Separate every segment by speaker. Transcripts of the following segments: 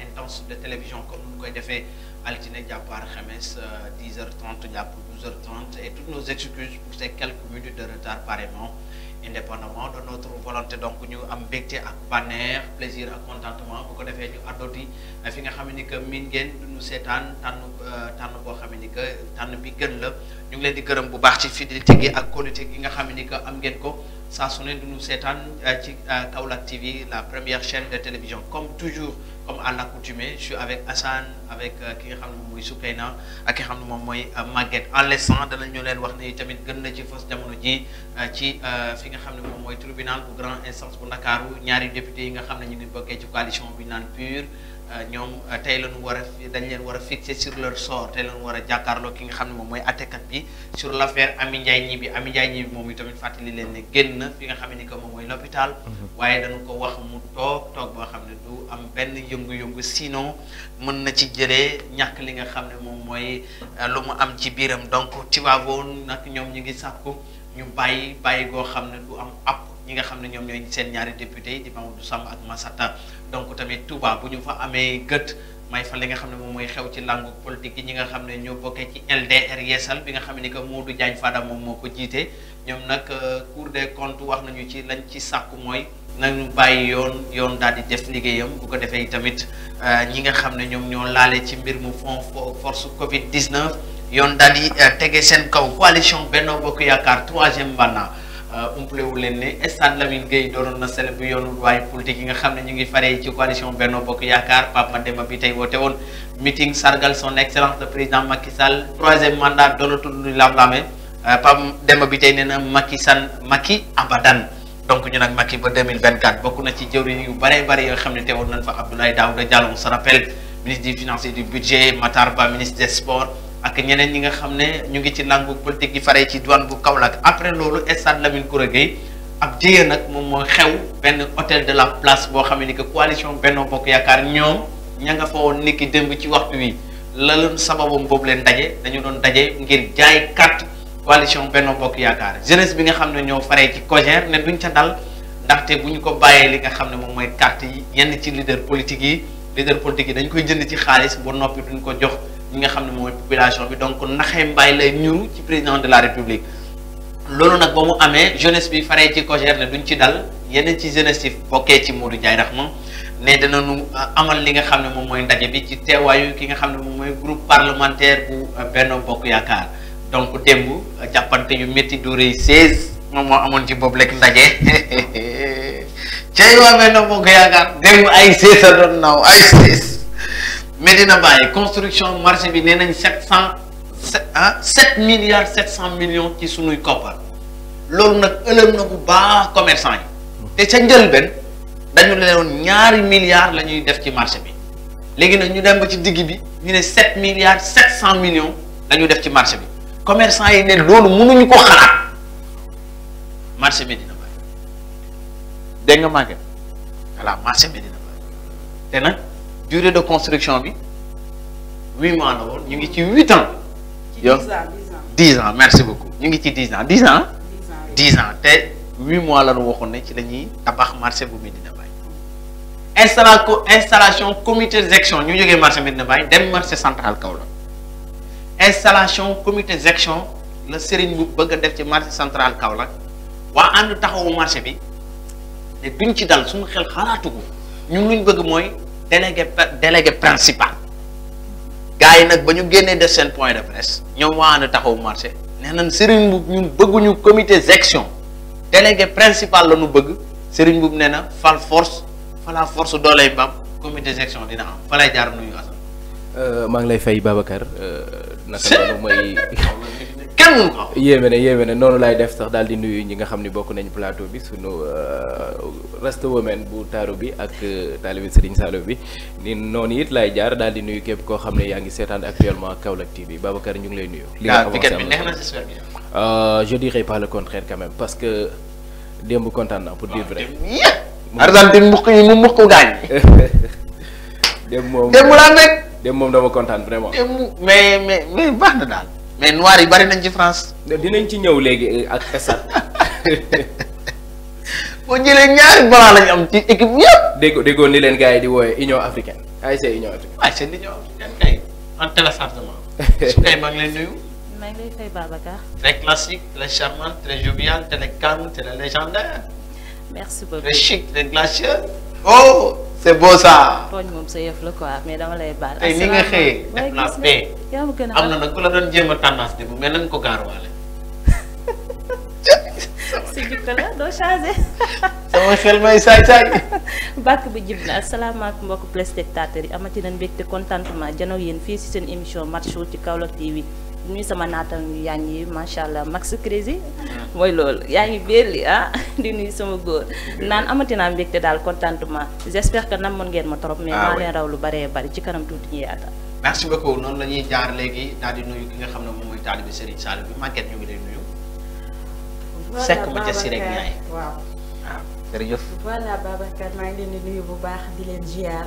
Speaker 1: intense de télévision comme nous nu koy à altine euh, jàpp alxames 10h30 jàpp 12h30 et toutes nos excuses pour ces quelques minutes de retard pareillement indépendamment de notre volonté donc nous am bêté à bànneex plaisir à contentement bu ko fait ñu àddooti fi nga xam que miin ngeen duñu seetaan tànn pour euh, boo xam ni que tànn bi gën la ñu ngi nous di gërëm bu baax ci fidélité gi ak gi nga que am ça sonne nous nous année à euh, euh, TV la première chaîne de télévision comme toujours comme à l'accoutumée je suis avec Hassan, avec euh, nga Maguette en laissant la ñu leen wax ni tamit grande instance député coalition pure. Euh, ñoom euh, tey lañu war a dañ leen war a fixer sur leur sort tey lañu war a jàkkaarloo ki nga xam ne moom mooy attekat bi sur l' affaire Ami Ndiaye ñibi Ami Ndiaye ñibi moom i tamit fàttali leen ne génn na fi nga xam ne que moom mooy l'hôpital mhm. waaye dañu ko wax mu toog toog boo xam ne du am benn yëngu-yëngu sinon mën na ci jëlee ñàkk li nga xam ne moom mooy euh, lu mu am ci biiram donc Tivaouane nag ñoom ñu ngi sàkku ñu bàyyi bàyyi koo xam ne du am app ñi nga xam ne ñoom ñooy seen ñaari député yi di Mamadou Samb ak Massata donc tamit Touba bu ñu fa amee gët may fa li nga xam ne moom mooy xew ci langue politique yi ñi nga xam ne ñoo bokkee ci LDR yeesal bi nga xam ne que Modou Diagne Fada moom moo ko jiite ñoom nag euh, Cour des comptes wax nañu ci lañ ci sàkku mooy nañu bàyyi yoon yoon daal di def liggéeyam bu ko defee tamit euh, ñi nga xam ne ñoom ñoo laale ci mbir mu fond force Covid 19 yoon daal di euh, tege seen kaw coalition Benno Bokk Yaakaar troisième mandat. Euh, umpale wu leen ne stade Lamine Gueye doonoon na sel yoonu waaye politique yi nga xam ne ñu ngi faree ci coalition Benno Bokk Yaakaar Pape Mademba bi tey woote woon meeting sargal son excellence le président Macky Sall troisième mandat doonatul lu lam-lame euh, Pape Demba bi tey nee na Macky Sall Macky abadan donc ñu nag Macky ba 2024 bokk na ci jëwriñ yu bare bare yoo xam ne teewoon nañ fa Abdoulaye Daouda Diallo on se rappelle ministre des finances et du budget Matar Ba ministre des ak ñeneen ñi nga xam ne ñu ngi ci làngu politique yi faree ci douane bu Kaolack après loolu stade Lamine Gora Gueye ab jëye nag moom mooy xew benn hôtel de la place boo xam ne ni que coalition Benno Bokk Yaakaar ñoom ña nga fa woon niki démb ci waxtu wi laloon sababam boobu leen daje dañu doon daje ngir jaay carte coalition Benno Bokk Yaakaar jeunesse bi nga xam ne ñoo faree ci COJER ne duñ ca dal ndaxte bu ñu ko bàyyee li nga xam ne moom mooy carte yi yenn ci leader politique yi leader politique yi dañ koy jënd ci xaalis ba noppi duñ ko jox. ñi nga xam ne mooy population bi donc naxee mbay lay ñuru ci président de la république loolu nag ba mu amee jeunesse bi faree ci COJER ne duñ ci dal yeneen ci jeunesse yi bokkee ci Modou Ndiaye Rahma ne nu euh, amal li nga xam ne moom mooy ndaje bi ci teewaayu ki nga xam ne moom mooy groupe parlementaire bu euh, Benno Bokk Yaakaar donc démb euh, jàppante yu métti durée yi moom moo amoon ci boobu lekk ndaje cey waa Benno Bokk Yaakaar démb ay seize a doon Medina Baye construction marché bi nee nañ sept cent ah sept milliards sept cent millions ci suñuy koppar loolu nag ëlëm na bu baax commerçant yi te ca njëlbeen dañu leewoon ñaari milliards la ñuy def ci marché bi léegi nag ñu dem ba ci digg bi ñu ne sept milliards sept cent millions la def ci marché bi commerçant yi ne loolu mënuñu ko xalaat marché Medina Baye dégg nga màgget voilà marché Medina Baye te nag. durée de construction 8 mois. Nous avons 8 ans. 10 ans, 10 ans. merci beaucoup. Nous avons 10 ans. 10 ans. 10 ans. Et 8 mois, nous avons dit que nous avons marché pour Médina Installation comité d'action. Nous avons marché pour Médina Bay. Nous avons central. Installation comité d'action. Le nous avons un marché central. Nous avons fait marché. Et nous avons un marché. Nous avons fait marché. délégué délégué principal gars yi nag ba ñu génnee def seen point de presse ñoom waa na taxaw marché nee nañ Serigne Mboup ñun bëgguñu comité section délégué principal la ñu bëgg Serigne Mboup nee na fal force fala force dooley bam comité section dina am falay jaar nuyu asal
Speaker 2: euh,
Speaker 3: maa ngi lay fay Babacar euh, naka loolu kenn mënu ko yéeme na yéeme na noonu laay def sax daal di nuyu ñi nga xam ni bokk nañu plateau bi sunu euh, rasta women bu taaru bi ak euh, taalibi Serigne Salo bi ni noonu it laay jaar daal di nuyu képp koo xam ne yaa ngi seetaan actuellement Kaolack TV Babacar ñu ngi lay nuyu. li nga ah, xamante bi neex na si euh, je dirais parce que démb kontaan naa pour dire ah, vrai. Argentine mukk yi mu mukk gaañ. démb moom démb moom dama kontaan vraiment.
Speaker 1: démb mais mais baax na daal.
Speaker 3: mais noir yi bari nañ ci France. dinañ ci ñëw léegi eh, ak Fesal. boo jëlee ñaari blanc lañu am ci équipe yëpp. dégg déggoon ni leen gars yi di wooye Union africaine ay c'est Union africaine. waaw c'est Union africaine kay
Speaker 1: en téléchargement. su kay très classique très charmant très jovial très calme très légendaire. merci beaucoup très chic très glacial. oh c'
Speaker 4: est beau ça. tooñ moom sa yëf la quoi mais dama lay baal. tey ni a am na
Speaker 1: nag ku la doon jéem a tendance de bu mel nañ ko gaaruwaale.
Speaker 4: si jikko la doo changé.
Speaker 1: sama xel may saay-saay.
Speaker 4: bàkk bi jib na asalaamaaleykum mbokk téléspectateurs yi amati nañ mbégte contentement janoog yéen fii si seen émission match ci Kaolack TV. nuyu sama naataango yaa ngi macha allah max crazy hmm. mooy loolu yaa ngi belli ah di nuyu sama góor naan amati naa mbégte dal contentement j'espère que namoon ngeen ma trop. mais ah maa leen raw lu bare bari ci kanam tuuti ñu yaata.
Speaker 1: merci beaucoup noonu la jaar léegi daal di nuyu ki nga xam ne moom mooy Serigne Saliou bi Maguette ñu ngi lay nuyu. sekk ma ca rek
Speaker 5: waaw. Ah, jërëjëf. voilà Babacar ngi leen di nuyu bu baax di leen ziar.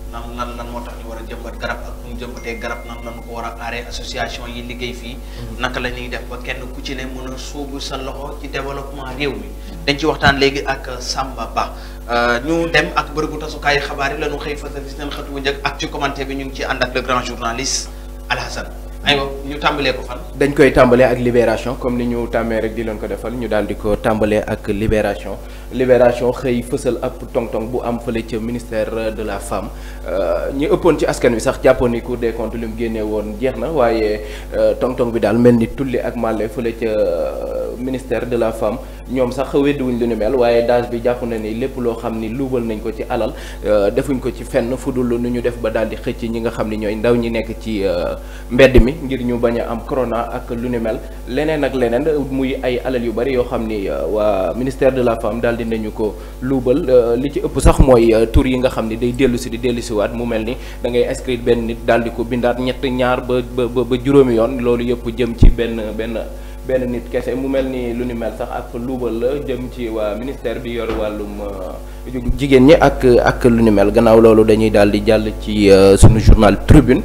Speaker 1: nan lan lan moo tax ñu war a jëmbat garab ak bu ñu jëmbatee garab nan lan ko war a aaree association yi liggéey fii mm-hmm. naka la ñuy def ba kenn ku ci ne mën a sóobu sa loxo ci développement réew mi dañ ci waxtaan léegi ak Samba Ba euh, ñu dem ak bërëbu tasukaayu xabaar yi la ñu xëy fasal si seen xëtu bu njëkk ak ci commenté bi ñu ngi ci ànd ak le grand journaliste Alhassane aywa ñu tàmbalee ko fan.
Speaker 3: dañ koy tàmbalee ak Libération comme ni ñu tàmmee rek di leen ko defal ñu daal di ko tàmbalee ak Libération. libération xey fësal ap tong-tong bu am fële ca ministère de la femme euh, ñi ëppoon ci askan wi sax jàppoon ni Cour des comptes li mu won jeexna wayé na euh, tong-tong bi dal melni tulli ak màlle fële ci euh, ministère de la femme ñoom sax weddiwuñ lu ni mel waaye daaj bi jàpp na ni lépp loo xam ni luubal nañ ko ci alal euh, defuñ ko ci fenn fudul nu ñu def ba daal di xëcc ñi nga xam ni ñooy ndaw ñi nekk ci euh, mbedd mi ngir ñu bañ a am corona ak lu ni mel leneen ak leneen muy ay alal yu bari yoo xam ni euh, waa ministère de la femme daal di nañu ko luubal li ci ëpp sax mooy tur yi nga xam ni day dellu si di dellu siwaat mu mel ni da ngay inscrire benn nit daal di ko bindaat ñett ñaar ba ba ba juróomi yoon loolu yëpp jëm ci benn benn benn nit kese mu mel ni lu ni mel sax ak luubal la jëm ci waa ministère bi yor wàllum euh, jigéen ñi ak ak lu ni mel gannaaw loolu dañuy daal di jàll ci euh, sunu journal Tribune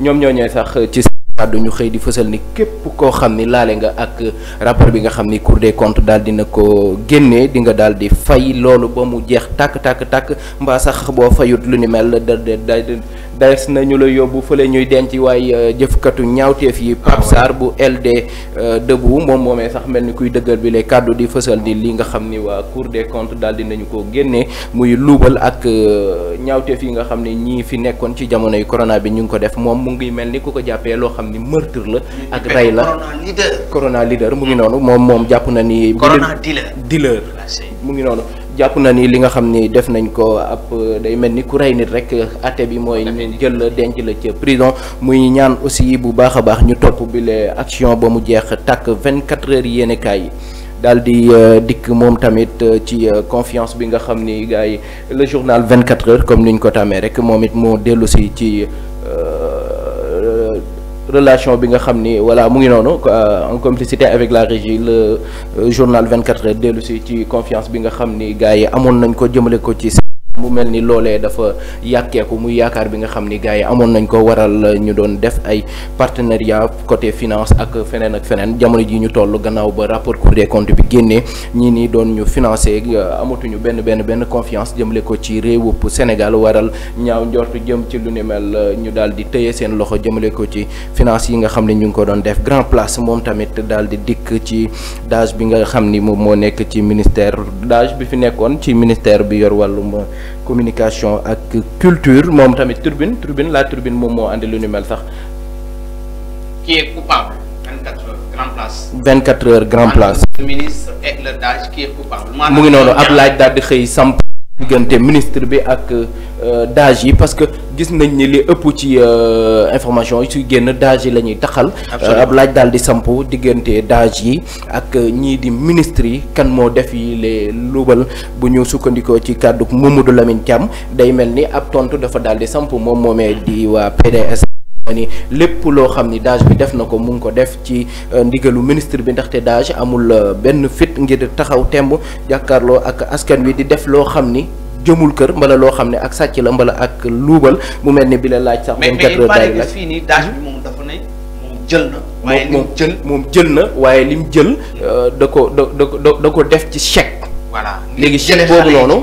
Speaker 3: ñoom ñoo ñooñee sax ci kàddu ñu xëy di fësal ni képp koo xam ni laale nga ak rapport bi nga xam ni Cour des comptes daal dina ko génnee di nga daal di fay loolu ba mu jeex tàkk tàkk tàkk mbaa sax boo fayut lu ni mel da da des nañu la yóbbu fële ñuy denc waaye euh, jëfkatu ñaawteef yi Pape ah, bu LD euh, debout moom moomee sax mel ni kuy dëggal bi les kàddu di fësal ni li nga xam ni waa Cour des comptes daal di nañu ko génnee muy luubal ak euh, ñaawteef yi nga xam ni ñii fi nekkoon ci jamono jamonoy corona bi ñu ngi ko def moom mu ngi mel ni ku ko jàppee loo xam ni meurtre la ak rey la corona leader mu ngi noonu moom moom jàpp na ni corona dealer dealer ah, mu ngi noonu jàpp na ni li nga xamni def nañ ko ap day mel ni ku ray nit rek até bi moy ñu jël denc la prison muy ñaan aussi bu baaxa baax ñu top bi le action ba mu jeex tak 24 heures yéenekaay yi di euh, tamit euh, ci euh, confiance bi nga xamni gaay le journal 24 heures comme niñ ko tamé rek momit mo moo ci ci relation bi nga xamni voilà mu ngi euh, en complicité avec la régie le euh, journal 24 h le ci confiance bi nga xamni à mon yi nañ ko le ko mu mel ni loolee dafa yàkkeeku muy yaakaar bi nga xam ni gars yi nañ ko waral ñu doon def ay partenariat côté finance ak feneen ak feneen jamono ji ñu toll gannaaw ba rapport cour des comptes bi génnee ñii nii doon ñu financé amatuñu benn benn benn confiance jëmale ko ci réewup Sénégal waral ñaaw njort jëm ci lu ni mel ñu di tëye seen loxo jëmale ko ci finance yi nga ñu ko doon def grand place moom tamit daal di dikk ci dage bi nga xam ni moom moo nekk ci ministère dage bi fi nekkoon ci ministère bi yor communication ak culture moom tamit turbine turbine la turbine moom moo andi lu mel
Speaker 1: qui est coupable. 24 heures grand place.
Speaker 3: 24 heures grand place.
Speaker 1: le ministre et le DAGE qui est coupable. Je
Speaker 3: suis ab di diganté ministre bi ak euh, daaj parce que gis nañ ni li ëpp ci euh, information yi suy génn daaj lañuy la taxal ab euh, laaj daal di sampu diganté daaj ak ñi di ministre kan mo def yi les luubal bu ñu sukkandiko ci kàddu Mamadou Lamine Thiam day melni ab tontu dafa dal di sampu moom moomee di wa PDS lépp loo xam ni daaj bi def na ko mu ngi ko def ci euh, ndigalu ministre bi ndaxte daaj amul euh, benn fit ngir taxaw temb jàkkaarloo ak askan wi di def loo xam ni jëmul kër mbala loo xam ne ak sàcc la mbala ak luubal mu mel ni bi laaj sax. moom quatre moom jël na. waaye lim jël moom euh, da ko da da da ko def ci chèque. voilà léegi chèque boobu noonu.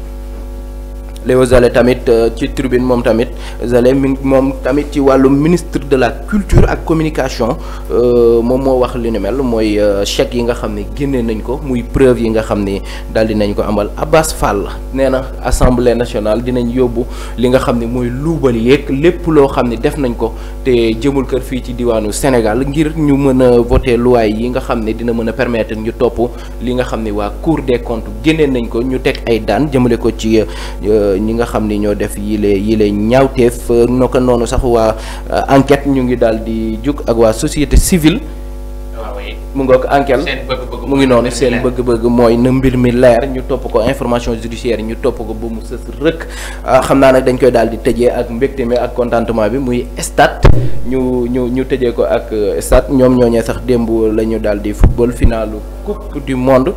Speaker 3: Léo allez tamit euh, ci tribune mom tamit Zale mi moom tamit ci walu ministre de la culture ak communication euh, mom mo wax li ni mel moy euh, chèque yi nga xamné guéné nañ ko muy preuve yi nga xamné ni ko amal Abbas Fall néna assemblée nationale dinañ yobu li nga xamné moy mooy luubal yeeg lépp loo def nañ ko té jëmul kër fi ci diwanu Sénégal ngir ñu mëna voter loi yi nga xamné dina mëna permettre ñu topp li nga xamné wa Cour des comptes guéné nañ ko ñu teg ay daan jëmale ko ci. ñi nga xam ni ñoo def yile yile ñaawteef uh, naka noonu sax waa uh, enquête ñu ngi daal di jug ak waa société civile. Ah mu ngi ngoog enquête mu ngi noonu seen bëgg-bëgg mooy na mbir mi leer ñu topp ko information judiciaire ñu topp ko ba mu sës rëkk ah, xam naa nag dañ koy daal di tëjee ak mbégte mi ak contentement bi muy stade ñu ñu ñu tëjee ko ak uh, stade ñoom ñooñee sax démb la ñu daal di football finalu coupe du monde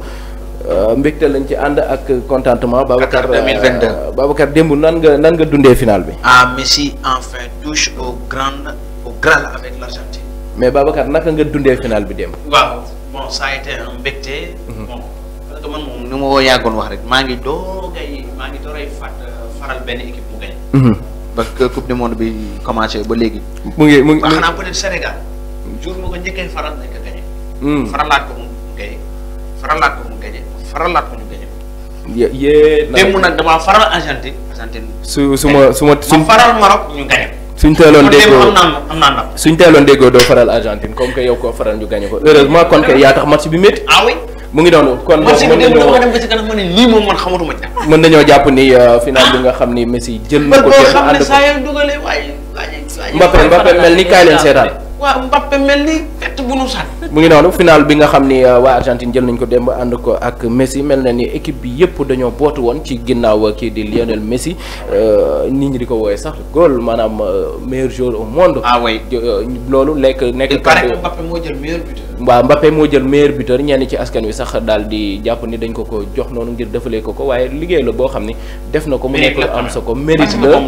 Speaker 3: Euh, mbégte lañ ci ànd ak contentement. Babacar 2022 euh, Babacar démb nan nga nan nga dundee final bi.
Speaker 1: ah Messi enfin touche au grand au Graal
Speaker 3: mais Babacar naka nga dundee final bi démb.
Speaker 1: waaw bon ça a été un mbégte. Mhm. moom ni ma yàggoon wax rek maa ngi doogay maa ngi doogay fàtt euh, faral benn équipe bu gañ. Mhm. ba coupe du monde bi commencé ba léegi. mu ngi mu ngi xanaa peut être Sénégal. jour ma ko njëkkee faral nañ ko gañe.
Speaker 3: Mm. faralaat ko mu
Speaker 1: gañe faralaat ko mu gañe. faralaat ko mu gagné ko.
Speaker 3: yee démb faral Argentine su su suma su ma ma ñu suñ teeloon déggoo kon am naa am suñ teeloon doo faral Argentine comme que yow koo faral ñu gagné ko heureusement kon kay yaa tax match bi métti. ah mu ngi doon kon. moom mën nañoo match bi dem ba ci kanam ma man xamatuma ci. mën nañoo jàpp ni euh, final bi nga xam ni Messi jël na ko. Ah! jël ba koo xam saa
Speaker 1: yoo dugalee waaye. Mbappé mel ni kaay leen seetaan waa Mbappé mel ni fett bu nu sànni.
Speaker 3: mu ngi noonu final bi nga xam ni euh, waa Argentine jël nañ ko démb ànd ko ak Messi mel na ni équipe bi yëpp dañoo bootu woon ci ginnaaw kii di Lionel Messi euh, nit ñi di ko wooyee sax góol maanaam euh, meilleur joueur au monde. ah oui loolu lekk nekk. il paraît que Mbappé moo jël meilleur buteur. waa Mbappé moo jël meilleur buteur ñenn ci askan wi sax daal di jàpp ni dañ ko ko jox noonu ngir lee ko ko waaye liggéey la boo xam ni def na ko mu nekk lu am sa ko mérite la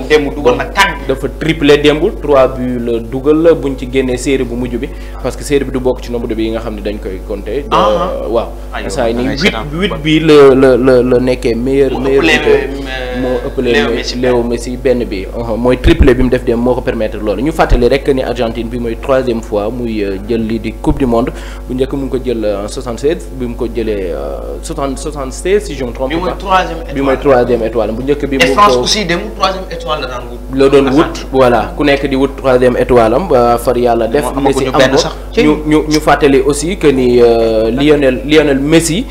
Speaker 3: dafa triplé démb trois buts la dugal la buñ ci génnee série bu mujj bi parce que série bi du bokk ci nombre de bi yi nga xam ne dañ koy compter ah, euh, ah. waaw saa yi ni huit huit bi la la la la nekkee meilleur meilleur buteur euh, moo ëppale Léo Messi benn bi uh-huh. mooy triplé bi mu def dem moo ko permettre loolu ñu fàttali rek ni Argentine bi mooy troisième fois muy euh, jël lii di coupe bu njëkk mu ngi ko jël 67 euh, bi mu ko jëlee 60 euh, si je me trompe pas bi mooy troisième étoile bu njëkk bi. mu France aussi
Speaker 1: dem troisième étoile la daan
Speaker 3: wut. la doon voilà ku nekk di wut troisième étoile am far yàlla def. Messi ñu ñu ñu aussi que ni euh, Lionel Lionel Messi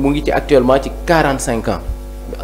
Speaker 3: mu ngi ci actuellement ci 45 ans.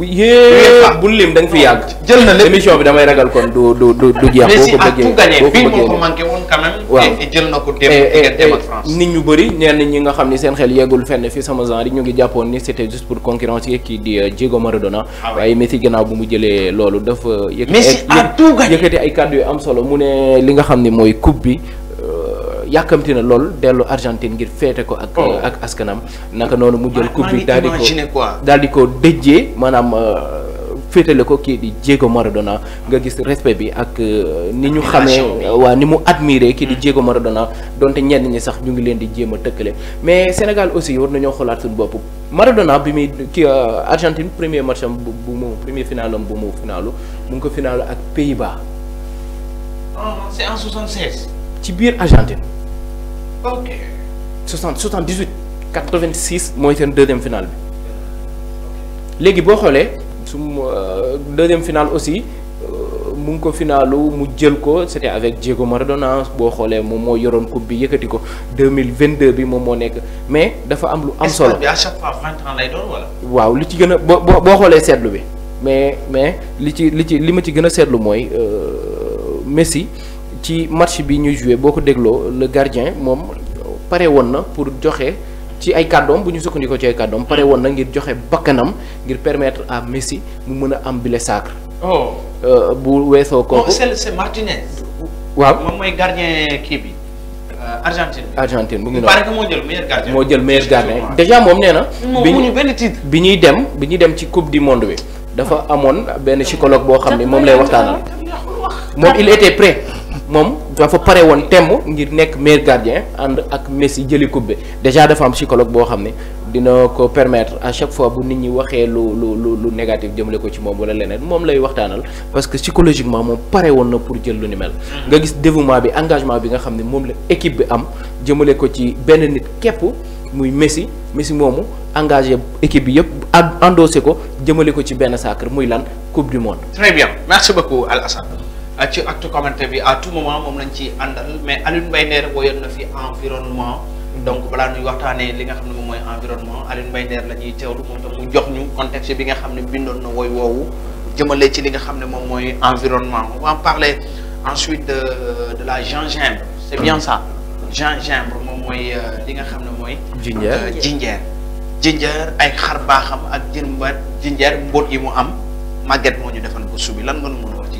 Speaker 3: bu yéen bu lim da nga fi yàgg. jël na lépp émission bi damay ragal kon du du du du jeex. boo ko bëggee boo ko bëggee bii moo ko manqué woon
Speaker 1: quand même. waaw te
Speaker 3: jël na ko dem dem ak France. nit ñu bëri ñenn ñi nga xam seen xel yeggul fenn fii sama genre ñu ngi jàppoon ni c'était juste pour concurrencer kii di eh, Diego Maradona. Ah waaye Messi gannaaw bu mu jëlee loolu dafa. Messi eh, a tout gagné yëkkati ay kàddu am solo mu ne li nga xam ni coupe bi. yàkkamti na lool dellu Argentine ngir féete ko ak. Oh. ak askanam naka noonu mu jël. Ah, coupe bi daal di ko daal di ko dëjjee maanaam. Euh, féetale ko kii di Diego Maradona nga gis respect bi ak euh, ni ñu xamee euh, waa ni mu admiré kii di hmm. Diego Maradona donte ñenn ñi sax ñu ngi leen di jéem a tëkkale mais Sénégal aussi war nañoo xolaat suñu bopp Maradona bi muy kii Argentine premier match am bu mu premier final am bu mu finalu mu ngi ko finalu ak Pays-Bas.
Speaker 1: Oh, c'est en
Speaker 3: 76. ci biir Argentine. ok 60 78 86 mooy seen deuxième finale bi léegi boo xoolee su euh, deuxième finale aussi euh, mu ngi ko finaalu mu jël ko c'était avec Diego Maradona boo xoolee moom moo yoroon coupe bi yëkkati ko deux mille vingt 2022 bi moom moo nekk mais dafa am lu am solo bi
Speaker 1: chaque fois
Speaker 3: waaw li ci gën a boo boo xoolee seetlu bi mais mais li ci li ci li ma ci gën a seetlu mooy euh, Messi. ci match bi ñu joué boko ko le gardien mom paré woon na pour joxé ci ay kàddoom bu ñu sukkandikoo ci ay kàddoom paré woon na ngir joxé bacanam, ngir permettre à Messi mu mën am bile sacre. oh euh, bu weesoo ko non oh, c'est
Speaker 1: c'est Martinez. waaw mom moy gardien qui bi. Euh,
Speaker 3: Argentine Argentine mu ngi ko mo jël meilleur gardien mo jël meilleur gardien hein. déjà mom néna na. bi ñuy benn titre bi ñuy dem bi ñuy dem ci coupe du monde bi. dafa amone ben psychologue bo xamné mom lay waxtaanal. mom il était prêt. moom dafa pare woon temb ngir nekk meilleur gardien ànd ak Messi jëli coupe bi déjà dafa am psychologue boo xam ne dina ko permettre à chaque fois bu nit ñi waxee lu lu lu lu négatif jëmale ko ci moom wala leneen moom lay waxtaanal parce que psychologiquement moom pare woon na pour jël lu ni mel. nga gis dévouement bi engagement bi nga xam ne moom la équipe bi am jëmale ko ci benn nit képp muy Messi Messi moomu engagé équipe bi yëpp endossé ko jëmale ko ci benn sacre muy lan coupe du monde. très
Speaker 1: bien merci ci acte commenté bi à tout moment mom lañ ci andal mais aline bayner Nder woyoon na fi environnement donc bala nuy waxtaanee li nga xam moy environnement aline bayner lañuy la ñuy teewlu mu jox ñu contexte bi nga xam bindon na woy woowu jëmale ci li nga xam mom moy environnement on va parler ensuite de de la gingembre c'est bien ça gingembre mom moy euh, li nga xam moy ginger ginger euh, jinjeer ay xar baxam ak jën ginger jinjeer yi mu am màgget mo ñu defal ko subi lan nga nu wax ci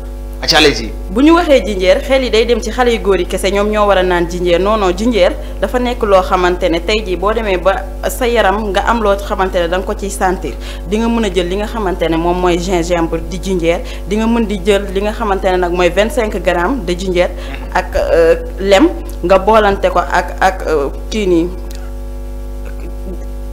Speaker 1: acca
Speaker 5: bu ñu waxee jinjeer xel yi day dem ci xale yu góor yi kese ñoom ñoo war a naan jinjeer non non jinjeer dafa nekk loo xamante ne tey jii boo demee ba sa yaram nga am loo xamante ne da nga ko ciy sentir di nga mën a jël li nga xamante ne moom mooy gingembre di jinjeer di nga mën di jël li nga xamante ne nag mooy vingt cinq grammes de jinjeer ak euh, lem nga boolante ko ak ak euh, kii nii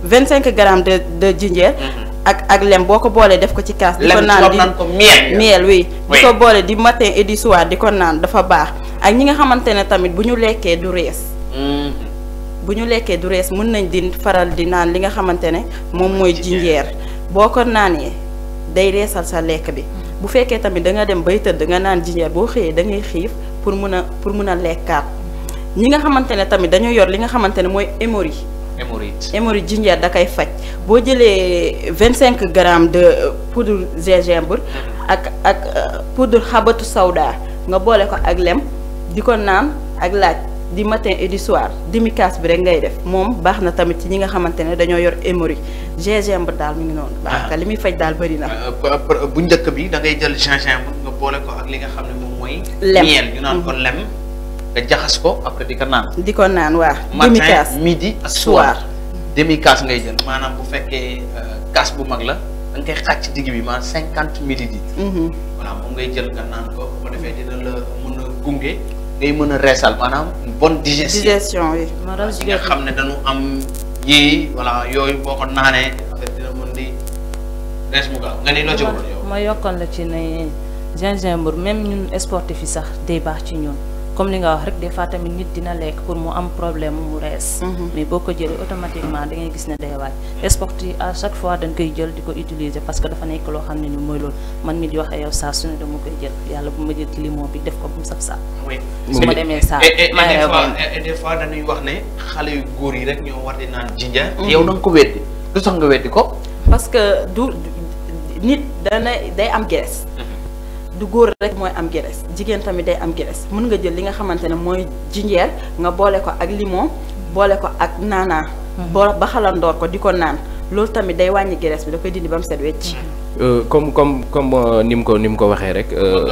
Speaker 5: vingt cinq grammes de de jinjeer mm-hmm. ak ak lem boo ko boolee def ko ci kaas. di ko naan di miel miel oui. di ko boolee di matin et du di ko naan dafa baax ak ñi nga xamante ne tamit bu ñu lekkee du rees. Mm-hmm. bu ñu lekkee du rees mën nañ di faral di naan li nga xamante ne moom mooy jinjeer boo ko naanee day reesal sa lekk bi. Mm-hmm. bu fekkee tamit da nga dem bay tëdd nga naan jinjeer boo xëyee da ngay xiif pour mun a pour mun a lekkaat mm-hmm. ñi nga xamante ne tamit dañoo yor li nga xamante ne mooy émori hémorroïde hémorroïde jinjeer da koy faj boo jëlee vingt cinq grammes de euh, poudre gingembre mhm. ak ak euh, de xabatu sawda nga boole ko ak lem di ko naan ak laaj di matin et du soir demi bi rek ngay def moom baax na tamit ci ñi nga xamante ne dañoo yor hémorroïde gingembre daal mu ngi noonu. baax ah. li muy faj daal bëri na.
Speaker 1: Euh, bu njëkk bi da ngay jël gingembre nga boole ko ak li nga xam ne moom mooy. lem ñu naan ko mhm. lem. nga jaxas ko après di ko naan.
Speaker 5: di ko demi midi ak soir.
Speaker 1: demi casse ngay jël maanaam eh, bu fekkee casse bu mag la da nga koy xàcc digg bi maanaam cinquante millilitres. voilà moom ngay jël ko bu ko dina la mën a gunge ngay mën resal reesal maanaam bonne digestion. digestion
Speaker 5: oui. Nah, yi
Speaker 1: nga xam dañu am yii voilà yooyu boo ko naanee affaire dina mën di res mu gaaw nga ni loo ci
Speaker 4: ma yokkoon la ci eh. ne gingembre même ñun sportif yi sax day ci ñun comme li nga wax rek des fois tamit nit dina lekk pour mu am problème mu res, mhm. mais boo ko jëlee automatiquement da ngay gis ne day wàcc sport yi à chaque fois dañ koy jël di utiliser parce que dafa nekk loo xam ni mooy loolu man mi di wax yow saa su ne dama koy jël yàlla bu ma jël ci limon bi def ko bu mu saf saaf su ma demee saa des
Speaker 1: fois dañuy wax ne xale
Speaker 5: yu góor yi rek
Speaker 1: ñoo war di naan jinja mhm. yow da
Speaker 4: nga ko weddi lu tax nga weddi ko
Speaker 5: parce que du nit dana day am gees mhm. du góor rek mooy am graisse jigéen tamit day am graisse mën nga jël li nga xamante ne mooy jinjeer nga boole ko ak limon boole ko ak naanaa mhm. boo ba xalandoor ko di ko naan loolu tamit day wàññi graisse bi da koy dindi ba mu set wecc mhm.
Speaker 3: euh, comme comme comme euh, ni mu ko ni mu ko waxee rek. Euh,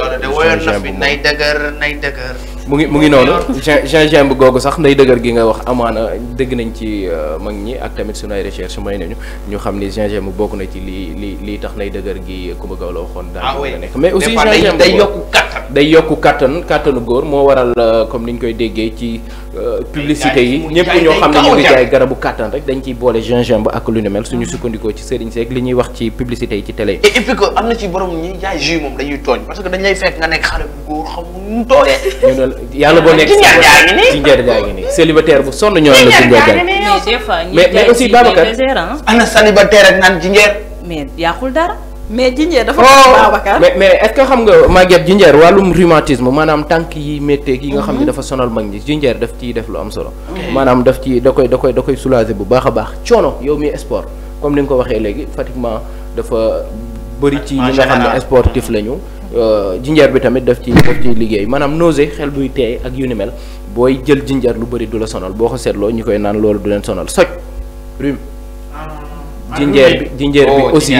Speaker 3: bu nay
Speaker 1: dëgër nay dëgër.
Speaker 3: mu ngi mu ngi noonu gingembre googu sax nday dëgër gi nga wax amaana dégg nañ ci euh, mag ñi ak tamit sunu ay recherche may nañu ñu xam ni gingembre bokk na ci li li lii tax nday dëgër gi ku bëgg a la waxoon daal ah nga nekk mais aussi gingembre day yokku kattan day yokku kattan kattanu góor moo waral euh, comme ni ñu koy déggee ci euh, publicité yi ñëpp ñoo xam ne ñu ngi jaay garabu kattan rek dañ ciy boole gingembre ak lu ni mel ah. suñu sukkandikoo ci sëriñ seeg li ñuy wax ci publicité yi ci télé yi et
Speaker 1: puis am na ci borom ñi jaay jus moom dañuy tooñ parce que dañ lay fekk nga nekk xale bu
Speaker 4: góor
Speaker 3: yàlla
Speaker 1: boo nekk jinjeer
Speaker 3: jaa ngi nii célibataire bu sonn ñoo la
Speaker 4: jinjeer jaa ngi mais mais aussi Babacar
Speaker 1: ana célibataire
Speaker 3: ak naan jinjeer
Speaker 1: mais
Speaker 5: yàqul dara mais jinjeer dafa oh. Babacar
Speaker 3: mais mais est-ce que xam nga Maguette jinjeer wàllum rhumatisme maanaam tànk yi méttee yi nga xam ne mm-hmm. dafa sonal mag ñi jinjeer daf ciy def lu am solo maanaam daf ci da koy da koy da koy soulager bu baax a baax coono yow mi sport comme ni nga ko waxee léegi pratiquement dafa bëri ci ñi nga xam ne sportif lañu Euh, jinjeer bi tamit daf ci daf ciy liggéey maanaam nausée xel buy teey ak yu ni mel booy jël jinjeer lu bari du la sonal boo ko seetloo ñu koy naan loolu du leen sonal soj rhume jinjeer bi jinjeer bi oh, aussi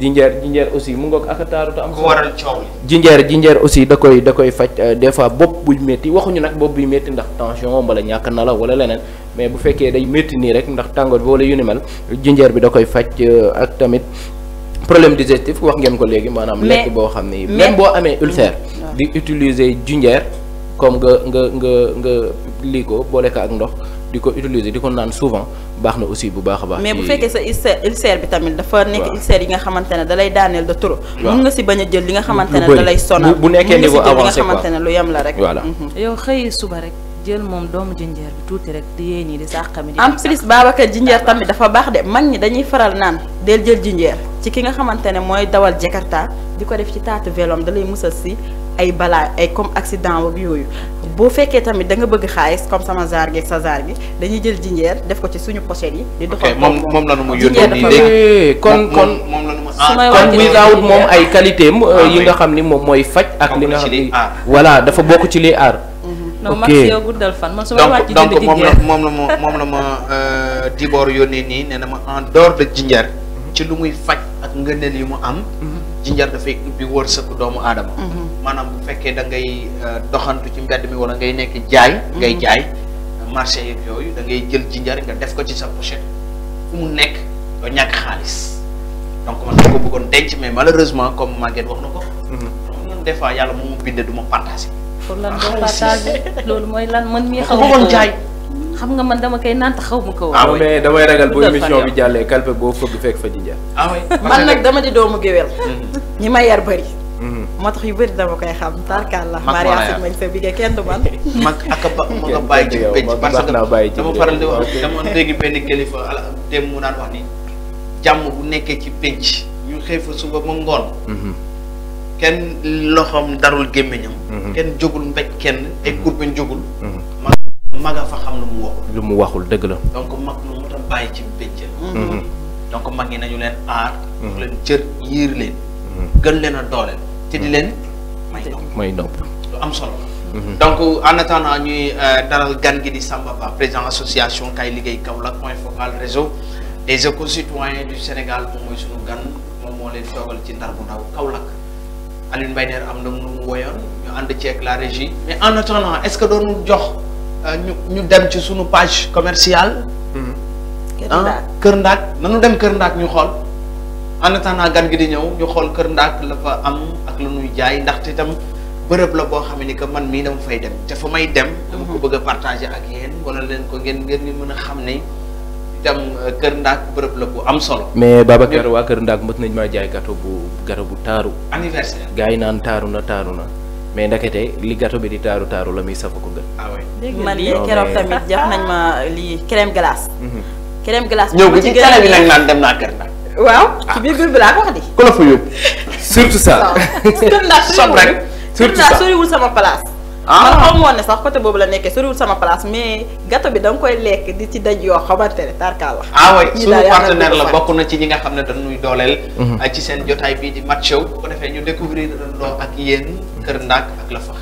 Speaker 3: jinjeer jinjeer aussi mu ngoog ak taaru te am. ko aussi da koy da koy faj euh, des fois bopp buy métti waxuñu nag bopp buy métti ndax tension wala ñàkk na la wala leneen mais bu fekkee day métti nii rek ndax tàngoor bi wala yu ni mel jinjeer bi da koy faj euh, ak tamit. problème digestif wax ngeen ko léegi manam lekk bo xamni même bo amé ulcère mm. di utiliser junjeer comme nga nga nga nga lii bolé ka ak ndox diko utiliser diko ko souvent baxna aussi bu baax a baax mais bu féké
Speaker 5: sa ulcère bi tamit dafa nek ulcère yi nga xamante dalay danel de trop mun nga ci baña jël li nga xamante ne da lay sonal bu nekkee niveau avancé quoi lu yam la rek voilà mm-hmm. yow xëy suba rek jël moom doomu jinjeer bi tuuti rek di yee nii di sàqami di en plus Babacar jinjeer tamit dafa baax de mag ñi dañuy faral naan del jël jinjeer ci ki nga xamante ne mooy dawal Jakarta di ko def ci taatu velom da lay musal si ay balaa ay comme accident wak yooyu boo fekkee tamit da nga bëgg xaalis comme sama zaar gi ak sa zaar gi dañuy jël jinjeer def ko ci suñu pochette yi. di doxal moom
Speaker 3: moom la nu mu yónnee ah, kon kon
Speaker 5: moom la nu mu
Speaker 3: kon moom ay qualité am ah, euh, yi xam ni moom mooy faj. ak li nga xam ni dafa bokk ci liy aar.
Speaker 4: non Max yow guddal fan man su ma wàcc donc moom la moom la ma moom
Speaker 1: la di euh, Dibor yónnee nii nee na ma en dehors de jinjar mhm. ci lu muy faj ak ngëneel yu mu am. Mhm. jinjar dafay ubbi wërsëgu doomu aadama. Mhm. maanaam bu fekkee da ngay euh, doxantu ci mbedd mi wala ngay nekk jaay. ngay jaay euh, marché yooyu da ngay jël jinjar nga def ko ci sa pochette fu mu nekk doo ñàkk xaalis donc man da ko bëggoon denc mais malheureusement comme Maguette wax na ko. des fois yàlla mu mu bindee du ma partagé.
Speaker 4: pour lan doo partage ah, loolu mooy lan man mii xaw ma jaay xam nga man dama koy
Speaker 5: naan xaw ma kaw ah, woon. mais damay ragal bu émission bi
Speaker 3: jàllee kalpe boo fëgg fekk fa jinja
Speaker 5: ah man nag dama di doomu géwél mhm. ñi ma yar bëri. Mhm. moo tax yu bëri dama koy xam tarkalla. mariage mañ sa a kenn du man. mag
Speaker 3: ak ba ma a bàyyi ci penc parce que dama faral di wax
Speaker 1: dama dégg benn kilifa ala dem mu wax ni jàmm bu nekkee ci penc ñu xëy fa suba ba ngoon. Mhm. kenn loxoom darul gémmiñam mhm. kenn jógul mbéj kenn ay mhm. kurbeñ jógul mhm. mag fa xam na mu waxul
Speaker 3: lu mu waxul dëgg la donc mag lu mu bàyyi
Speaker 1: ci bécc donc mag ñi nañu leen aar ñu leen cër yiir leen gën leen a dooleel te di leen may nopp lu am solo donc en attendant ñuy euh, daral gan gi di Samba Ba président association kay liggéey Kaolack point focal réseau des éco-citoyens du Sénégal moom mooy suñu gan moom moo leen toogal ci ndar bu ndaw Kaolack Alioune Mbaye Nder am na mu woyoon ñu ànd ceeg la régi mais en attendant est-ce que doonu jox euh, ñu ñu dem ci suñu page commerciale. ah Kër Ndaak nanu dem Kër Ndaak ñu xool en attendant gan gi di ñëw ñu xool Kër Ndaak la fa am ak la ñuy jaay ndaxte itam bërëb la koo xam ni que man mii dama fay dem te fa may dem. dama ko bëgg a ak yéen wala leen ko ngeen ngeen ñu mën a
Speaker 3: xam ne. itam euh, Kër Ndaak bërëb la bu am solo. mais Babacar waa Kër Ndaak mës nañ maa jaay gâteau bu gâteau bu taaru. anniversaire yi naan taaru na taaru na mais ndekete li gâteau bi di taaru taaru la muy safa ko gën. ah
Speaker 5: oui man yi keroog tamit jox nañ ma lii crème glace. Mhm. crème glace ñëw ko ci télé bi nag
Speaker 3: naan dem naa Kër Ndaak.
Speaker 5: waaw ah. ci biir biir bi laa ko wax di.
Speaker 3: ku la fa yóbbu surtout ça.
Speaker 5: Kër saa soriwul sama place. Ah. man a ma woon ne sax côté boobu la nekkee soriwul sama place mais gâteau bi da nga koy lekk di ci daj yoo xamante ne tarkaal la ah oui partenaire la bokk
Speaker 1: na ci ñi nga xam ne dañuy dooleel mhm. ah, ci seen jotaay bii di match show bu ko defee ñu découvrir loo ak yéen kër ndaak ak la fax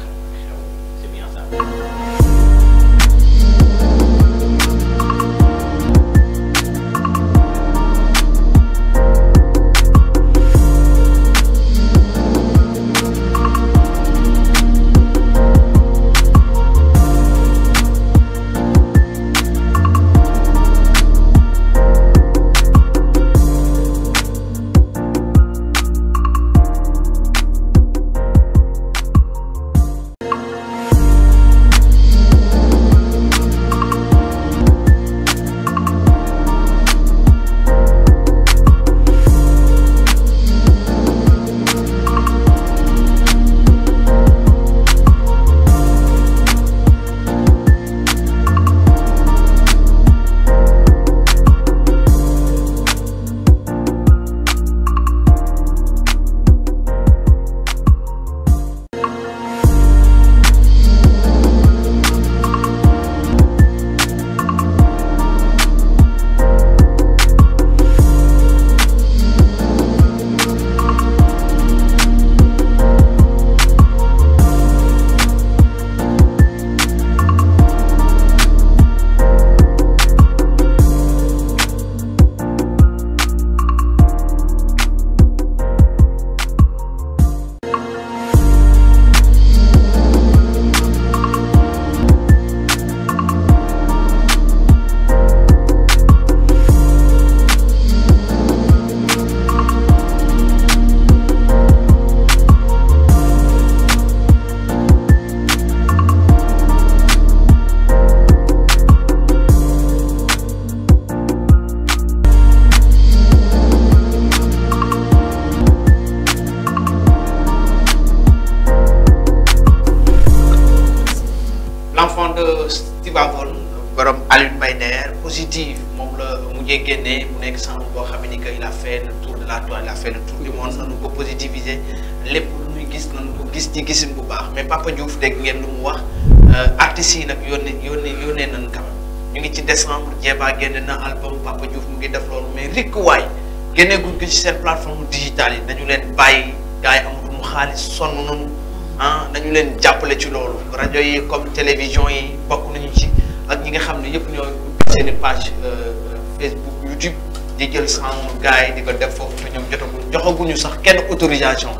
Speaker 1: jox kenn autorisation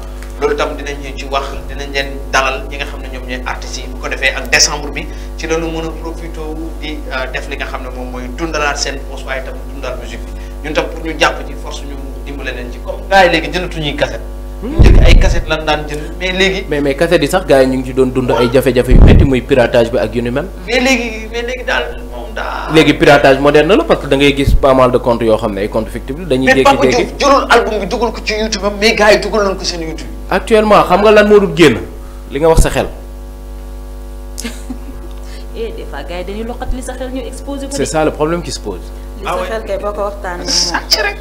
Speaker 1: loolu tam dinañ ñu ci wax dinañ leen dalal ñi nga xam ne ñoom ñooy artistes yi bu ko defee ak décembre bi ci la ñu mën a di euh, def li nga xam ne moom mooy dundalaat seen poche waaye tam dundal musique bi ñun tam pour ñu jàpp ci force ñu dimbale leen ci comme gars yi léegi
Speaker 3: jëndatuñuy kaset. njëkk hmm? ay kaset lan daan jënd mais léegi. mais mais kaset yi sax gars yi ñu ngi ci doon dund ay jafe-jafe yu métti muy piratage bi ak yu ni mel. mais
Speaker 1: léegi mais
Speaker 3: léegi piratage moderne la parce que dangay gis pas mal de comptes yoo xam ne ay comptes fictifs la dañuy. jékki-jékki
Speaker 1: mais Papa Diouf jëlul album bi dugal ko ci YouTube mais gars yi dugal nañ ko seen YouTube.
Speaker 3: actuellement xam nga lan moo dul génn li nga wax sa xel.
Speaker 4: eh des fois gars yi dañuy loqat li sa xel ñu exposé ko. c'est ça
Speaker 3: le problème qui li
Speaker 5: ah sa xel kay boo ko waxtaanee sàcc rek.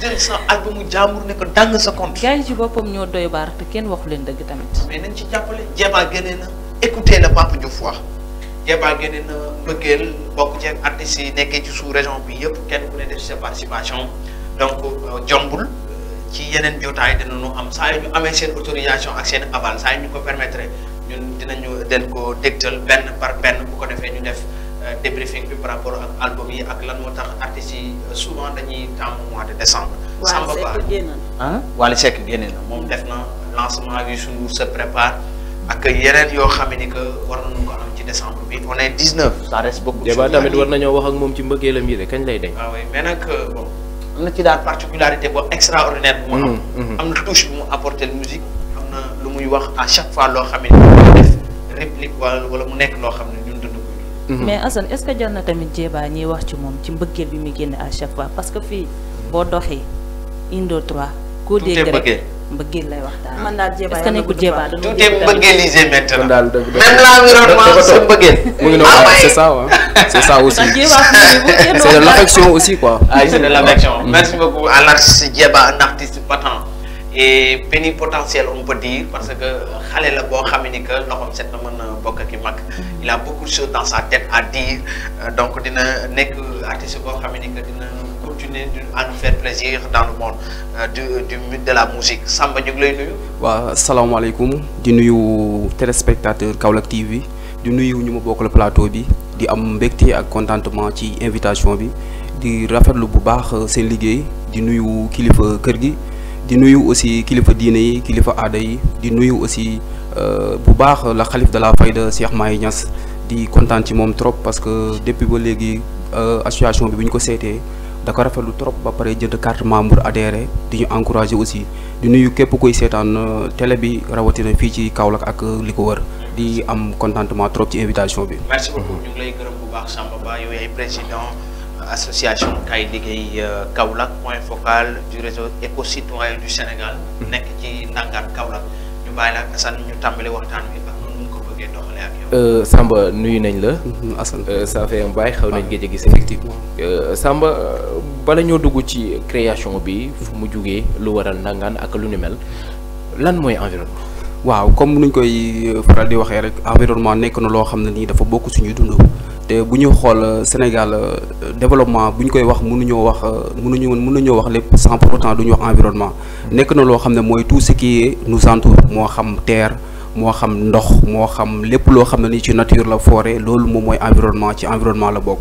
Speaker 5: jël sa albumu jaamur
Speaker 4: ne ko dàng sa compte. gars yi ci boppam ñoo doy baar kenn waxu leen dëgg tamit. mais nañ ci
Speaker 5: jàppale jéem na
Speaker 1: écouter la Papa Diouf Jeeba génne na mbëggeel bokk ci ak artistes yi nekkee ci sous région bi yëpp kenn ku ne def sa participation donc euh, jombul euh, ci yeneen jotaay dinañu am saa yu ñu amee seen autorisation ak seen aval saa yu ñu ko permettre ñun dinañu den ko dégtal benn par benn bu ko defee ñu def euh, débriefing bi par rapport ak album yi ak lan moo tax artistes yi souvent dañuy taamu mois de décembre. Samba Ba Wally Seck génne na moom def na lancement yi suñu se prépare. ak yeneen yoo xam ni que war nañu ko am ci décembre bi on est 19.
Speaker 3: ça war nañoo wax ak moom ci mbëggeelam yi de kañ lay deñ waaw ah
Speaker 1: mais nag euh, bon am na ci daal particularité bu extraordinaire bu mu am. Mm, mm. am na touche bu mu apporté musique am na lu muy wax a chaque fois loo xam ne def réplique wala wala mu nekk loo xam ne ñun dund ko.
Speaker 4: Mm-hmm. mais Assane est-ce que jar na tamit jéebaa ñuy wax ci moom ci mbëggeel bi muy génne à chaque fois parce que fii boo doxee une deux trois. koo dégg rek mbëggeel
Speaker 5: lay wax daal. man daal jéem a yàlla dugg ci baax tout
Speaker 4: est mbëggeelisé maintenant. kon daal dëgg même l'environnement sa
Speaker 2: mbëggeel.
Speaker 3: mu ngi noonu c'est
Speaker 2: ça waaw c'est ça aussi. c'est de l'affection aussi quoi. ah c'est de l'affection.
Speaker 1: merci beaucoup à l'artiste Dieba un artiste patent. et potentiel on peut dire parce que xale la boo xam ni que loxoom set na mën a bokk il a beaucoup de choses dans sa tête à dire euh, donc dina nekk artiste boo xam ni que dina continuer à nous faire plaisir dans le monde euh, du du de la musique Samba ñu ngi lay nuyu.
Speaker 2: waaw salaamaaleykum di nuyu téléspectateur Kaolack TV di nuyu ñu ma bokkal plateau bi di am mbégte ak contentement ci invitation bi di rafetlu bu baax euh, seen liggéey di nuyu kilifa kër gi. di nuyu aussi kilifa diine yi kilifa aada yi di nuyu aussi euh, bu baax la xalif de la fayda Cheikh Mahi Niass di kontaan ci moom trop parce que depuis ba léegi euh, association bi bu ñu ko seetee da ko rafetlu trop ba pare jënd carte membre adhéré di ñu encouragé aussi di nuyu képp koy seetaan euh, télé bi rawatina fii ci Kaolack ak li ko wër di am contentement trop ci invitation bi.
Speaker 1: association kay liggéey euh, Kaolack point focal du réseau éco-citoyen du Sénégal. Mm-hmm. nekk ci nangaat Kaolack ñu bàyyi la ak Assane ñu tàmbali waxtaan bi
Speaker 3: ak euh, Samba nuyu nañ la. Mm-hmm, Assane euh, ça fait un bail nañ gëj a gis effectivement. Samba bala ñoo dugg ci création bi fu mu jugee lu waral nangaan
Speaker 2: ak lu ni mel lan mooy environnement. waaw comme nuñ koy faral di waxee rek environnement nekk na loo xam ne nii dafa bokk suñuy dund. te bu ñu xool euh, Sénégal euh, développement bu ñu koy wax mun mënuñoo wax euh, mënuñu mënuñoo wax lépp sans pour autant du ñu wax environnement nekk na loo xam ne mooy tout ce qui nous entoure moo xam terre moo xam ndox moo xam lépp loo xam ne ni ci nature la forêt loolu moom mooy environnement ci environnement la bokk.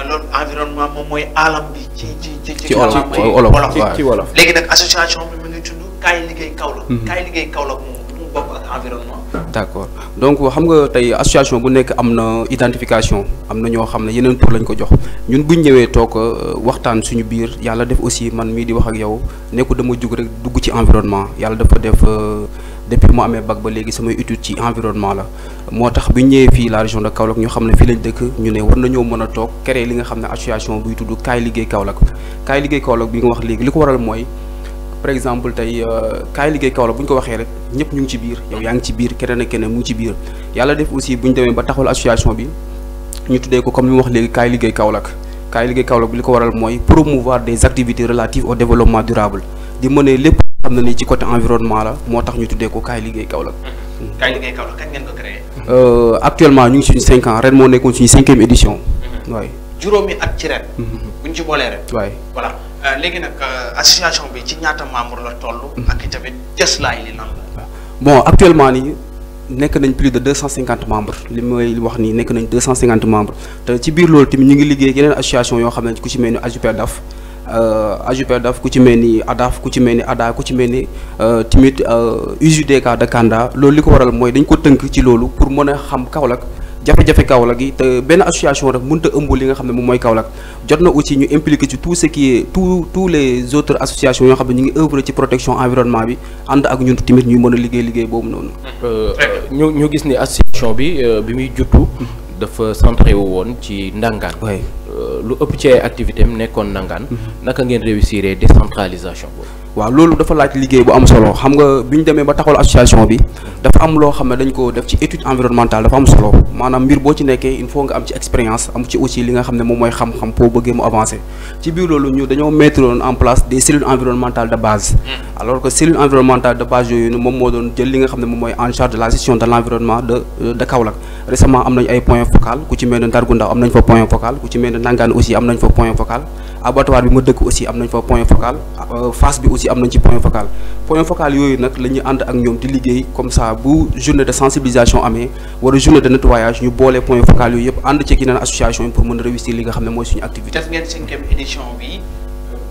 Speaker 1: alors ah, environnement moom mooy aalam bopp ak d'
Speaker 2: accord donc xam nga tey association bu nekk am na identification am na ñoo xam ne yeneen tur lañ ko jox ñun buñ ñëwee toog euh, waxtaan suñu biir yàlla def aussi man mii di wax ak yow nekku dama jug rek dugg ci environnement yàlla dafa def euh, depuis mu amee bac ba léegi samay étude ci environnement la moo tax bu ñëwee fii la région de Kaolack ñu xam ne fii lañ dëkk ñu ne war nañoo mën a toog créer li nga xam ne association buy tudd kaay liggéey Kaolack kaay liggéey Kaolack bi nga wax léegi li ko waral mooy par exemple tay euh, kay liguey Kaolack bu ko waxé rek ñepp ñu ngi ci biir yow ci biir ak mu ci biir yalla def aussi des ba association bi ñu comme wax liguey promouvoir des activités relatives au développement durable di les lépp de ci côté environnement la de ñu tuddé ko mm-hmm. euh, actuellement ñu ngi ci ans ren ci cinquième édition.
Speaker 1: Mm-hmm. juróomi at ci ren. Mhm. bu ñu ci boolee ren. waay voilà euh, léegi nag euh, association bi ci ñaata membre la toll. Mhm. ak tamit cëslaay li lan
Speaker 2: bon actuellement nii nekk nañ plus de deux cent cinquante membres li may wax nii nekk nañ deux cent cinquante membre te ci biir loolu tamit ñu ngi liggéey ak yeneen association yoo xam ne ku ci mel ni AJUPEDAF euh, AJUPEDAF ku ci mel ni ADAF ku ci mel ni ADA ku ci mel ni tamit UJDK de Kanda loolu li ko waral mooy dañ ko tënk ci loolu pour mën a xam Kaolack. jafe-jafe Kaolack gi te benn association rek mënut a ëmb li nga xam ne moom mooy Kaolack jot na aussi ñu impliqué ci tout ce qui est tout tous les autres associations yoo xam ne ñu ngi œuvre ci protection environnement bi ànd ak ñun tamit ñu mën a liggéey liggéey boobu noonu.
Speaker 3: Euh, ñu ñu gis ni association bi euh, bi muy juttu dafa centré wu ci lu ëpp ci ay activité am nekkoon nangaan naka ngeen réussir décentralisation
Speaker 2: boobu loolu dafa laaj liggéey bu am solo xam nga bi ñu demee ba taxawal association bi dafa am loo xam ne dañ ko def ci étude environnementale dafa am hmm. alors que cellule environnementale de base yooyu moom moo doon jël li nga xam ne mooy en la gestion de environnement de euh, de Kaolack récemment am nañ ay point focal ku ci mel Ndargu Ndaw am nañ fa point focal ku ci Ndangaan aussi am nañ fa point focal abattoir bi ma dëkk aussi am nañ fa point focal euh, face bi aussi am nañ ci point focal point focal yoyu nak lañu and ak ñom di liggéey comme ça bu journée de sensibilisation amé wala journée de nettoyage ñu bolé point focal yoyu yëpp and ci yeneen association yi pour mëna réussir li nga xamné moy suñu activité.
Speaker 1: def ngeen 5e édition bi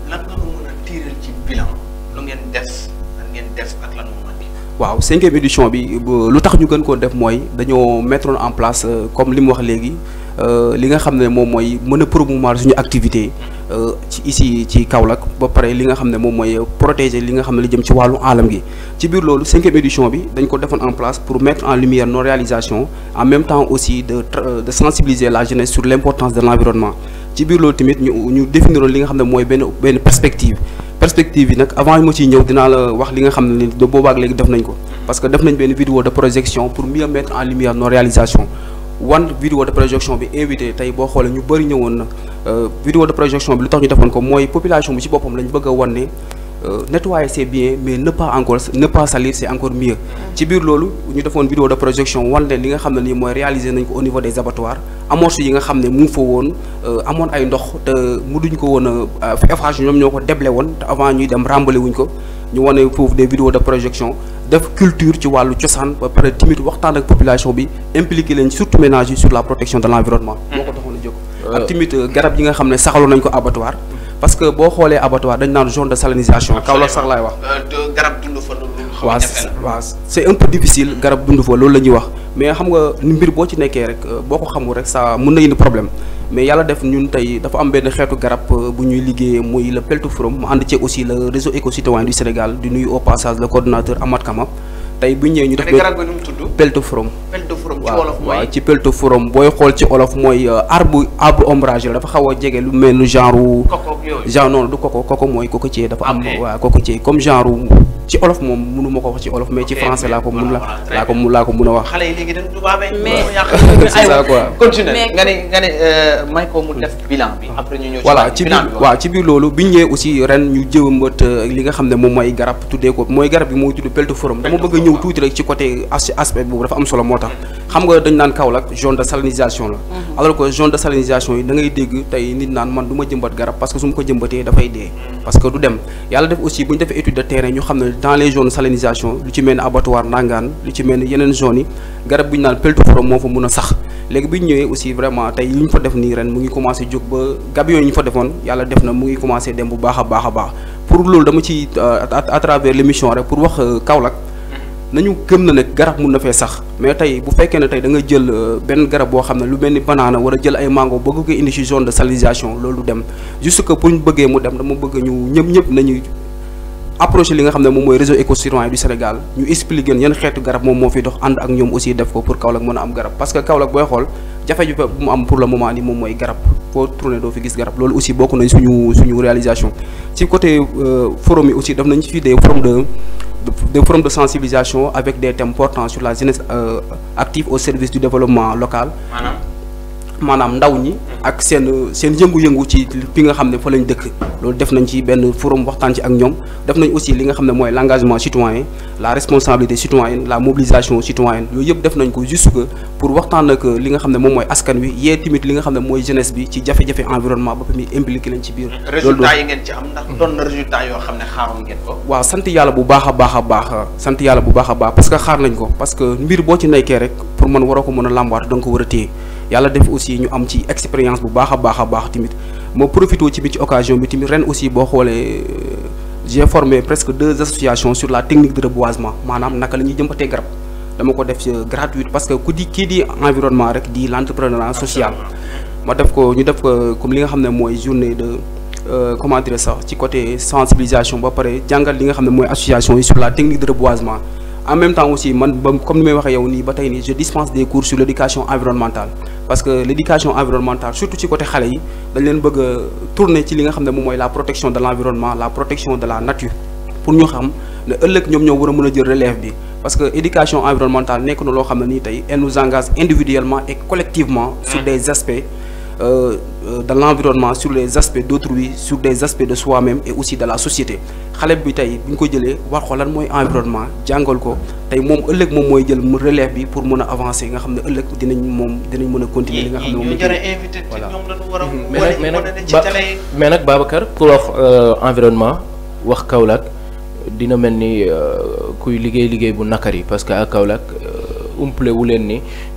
Speaker 1: lan nga ko mëna tirer ci bilan lu ngeen def lan ngeen def ak lan moo andi.
Speaker 2: waaw cinquième édition bi lu tax ñu gën ko def mooy dañoo mettre en place euh, comme li mu wax léegi. Euh, li nga xamné mom moy mëna a promouvoir suñu activité euh, ci ici ci Kaolack ba pare li nga xamné mom moy protéger li nga xamné li jëm ci walu alam gi ci biir 5 cinquième édition bi dañ ko défon en place pour mettre en lumière nos réalisations en même temps aussi de euh, de sensibiliser la jeunesse sur l'importance de l'environnement ci biir loolu timit ñu ñu définiroon li nga xamné moy ben ben perspective perspective yi nak avant ma ci ñew dina la wax li nga xamné ne bobak léegi def nañ ko parce que def nañ ben vidéo de projection pour mieux mettre en lumière nos réalisations wan vidéo de projection bi invité tay bo xolé ñu bari ñëwoon euh vidéo de projection bi lu tax ñu defoon ko moy population bi ci boppam lañ bëgg a wan ne euh, nettoyer c'est bien mais ne pas encore ne pas salir c'est encore mieux mm. ci biir lolu ñu defoon vidéo de projection wan leen li nga xamné ne nii réaliser nañ ko au niveau des abattoirs amorce yi nga xamné mu ngi fa woon euh, amone ay ndox te mënuñ ko wona a effage euh, ñoom ñoo ko deble avant ñuy dem rambalé wuñ ko ñu wane foofu des vidéos de projection def culture ci wàllu cosaan ba pare timit waxtaan ak population bi impliqué leen surtout ménage sur la protection de l' environnement mm. moo ko taxoon a jóg euh. ak timit euh, garab yi nga xam ne saxaloon nañ ko abattoir parce que boo xoolee abattoir dañ naan zone de salinisation ah, Kaolack sax laay wax
Speaker 1: euh, garab dund fa waaw
Speaker 2: est un peu difficile garab dund fa loolu la ñuy wax mais xam nga mbir boo ci nekkee rek boo ko xamul rek sax mën na indi problème mais yàlla def ñun tey dafa am benn xeetu garab euh, bu ñuy liggéeyee muy le from mu ànd ci aussi le réseau éco citoyen du Sénégal di nuyu au passage le coordonnateur Amath Kama tey bu ñëwee ñu def. garab gi nu mu tudd peltophorum. peltophorum ci wolof mooy xool ci wolof mooy arbre euh, arbre ombragé dafa xaw a jege lu mel ni genre. koko yooyu genre noonu du koko koko mooy cocotier dafa am. waaw cocotier comme genre ci olof moom mënu ma ko ci olof mais ci français laa ko mun la laa ko mun laa ko mun a wax.
Speaker 1: xale yi léegi dañu tubaabee. mais
Speaker 2: c'est ça quoi continue ne nga
Speaker 1: ne euh, may ko mu def bilan bi. après ñu ñëw ci voilà
Speaker 2: ci biir waaw loolu bi ñëwee aussi ren ñu jëmbat euh, li nga xam ne moom mooy garab tuddee ko mooy garab bi mooy tudd peltophorum dama bëgg ñëw tuuti rek ci côté aspect boobu dafa am solo mhm. ñu xam ne dans les zones de salinisation lu ci mel ni abattoir nangaan lu ci mel ni yeneen zones yi garab bu ñu naan peltuforo moo fa mun a sax léegi bi ñu ñëwee aussi vraiment tey li ñu fa def nii ren mu ngi commencé jóg ba gabion yi ñu fa defoon yàlla def na mu ngi commencé dem bu baax a baax a baax pour loolu dama ci euh, à l'émission rek pour wax euh, Kaolack nañu gëm na ne garab mun na fee sax mais tay bu fekkee ne tay da nga jël ben garab bo xamné lu melni banana wala jël ay mango bëgg ko indi ci zone de salinisation lolu dem juste que pour ñu bëggee mu dem dama bëgg ñu ñëm ñëp nañu approché li nga xamné mom moy réseau écosystème du Sénégal ñu expliqué yeen yan garab mom mo fi dox and ak ñom aussi def ko pour Kaolack mëna am garab parce que Kaolack boy xol jafé ju bu mu am pour le moment ni mom moy garab foo tourner do fi gis garab lolu aussi bokku nañ suñu suñu réalisation ci côté euh, forum aussi daf nañ ci fi des forum de de forums de sensibilisation avec des thèmes portants sur la jeunesse euh, active au service du développement local. maanaam ndaw ñi ak seen seen yëngu-yëngu ci fi nga xam ne fa lañ dëkk loolu def nañ ci benn forum waxtaan ci ak ñoom def nañ aussi li nga xam ne mooy l'engagement citoyen la responsabilité citoyenne la mobilisation citoyenne yooyu yëpp def nañ ko juste que pour waxtaan ak li nga xam ne moom mooy askan wi yee tamit li nga xam ne mooy jeunesse bi ci jafe-jafe environnement ba tamit impliqué leen ci biir. résultat yi
Speaker 1: ngeen ci am ndax doon na résultat yoo xam ne xaaroon ngeen ko.
Speaker 2: waaw sant yàlla bu baax a baax a baax sant baax a baax parce que xaar nañ ko parce que mbir boo ci nekkee rek pour man waroo ko mën a làmbaat da nga yalla def aussi ñu am ci expérience bu baax a baax timit mo profito ci bi ci occasion bi timit ren aussi bo xolé euh, j'ai formé presque deux associations sur la technique de reboisement manam naka la ñuy jëmbatee garab dama ko def euh, gratuite parce que ku di ki di environnement rek di l'entrepreneuriat social ma def ko ñu def ko euh, comme li nga xamné moy journée de comment dire ça ci côté sensibilisation ba paré jangal li nga xamné moy association yi sur la technique de reboisement en même temps aussi comme je may yow je dispense des cours sur l'éducation environnementale parce que l'éducation environnementale surtout ci côté xalé yi dañ tourner ci la protection de l'environnement, la protection de la nature pour nous xam le que ñom ñoo wara relève parce que l'éducation environnementale nekk na nous xam elle nous engage individuellement et collectivement sur mm. des aspects euh, euh de l'environnement sur les aspects d'autrui sur des aspects de soi-même et aussi de la société xale bi tey bu ko jëlee war ko lan mooy environnement jàngal ko tey moom ëllëg moom mooy jël mu relève bi pour mën a avancer nga xam ne ëllëg dinañ moom dinañ mën a continuer li nga xam ne
Speaker 1: moom
Speaker 3: mais nag Babacar ku wax euh, environnement wax Kaolack dina mel ni euh, kuy liggéey liggéey bu nakar yi parce que à Kaolack umpale wu leen nii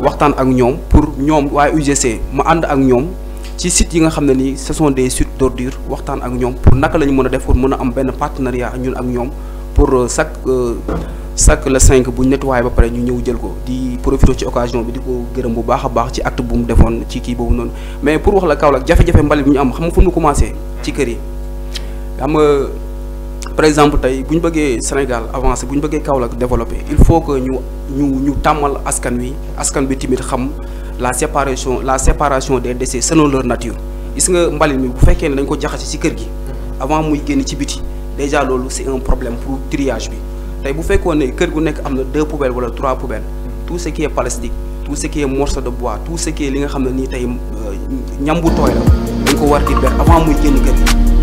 Speaker 2: waxtaan ak pour ñoom waa UGC ma and ak ñoom ci ce sont des sites d'ordures waxtaan ak pour naka la partenariat ñun ak pour euh, chaque euh, chaque le cinq bu nettoyé ba ñu ñëw di occasion bi di ko bu acte mais pour wax la jafe-jafe mbalit bu ñu par exemple tay buñ bëggé Sénégal avancer buñ bëggé Kaolack développer il faut que ñu ñu ñu tamal askan wi askan bi timit xam la séparation la séparation des déchets selon leur nature gis nga mbalit mi bu fekké dañ ko jaxase ci kër gi avant muy génn ci biti déjà loolu c'est un problème pour triage bi tay bu fekkone kër gu nekk amna deux poubelles wala trois poubelles tout ce qui est plastique tout ce qui est morceau de bois tout ce qui est li nga xam ni tay euh, ñambu toy la dañ ko war di ber avant muy génn kër gi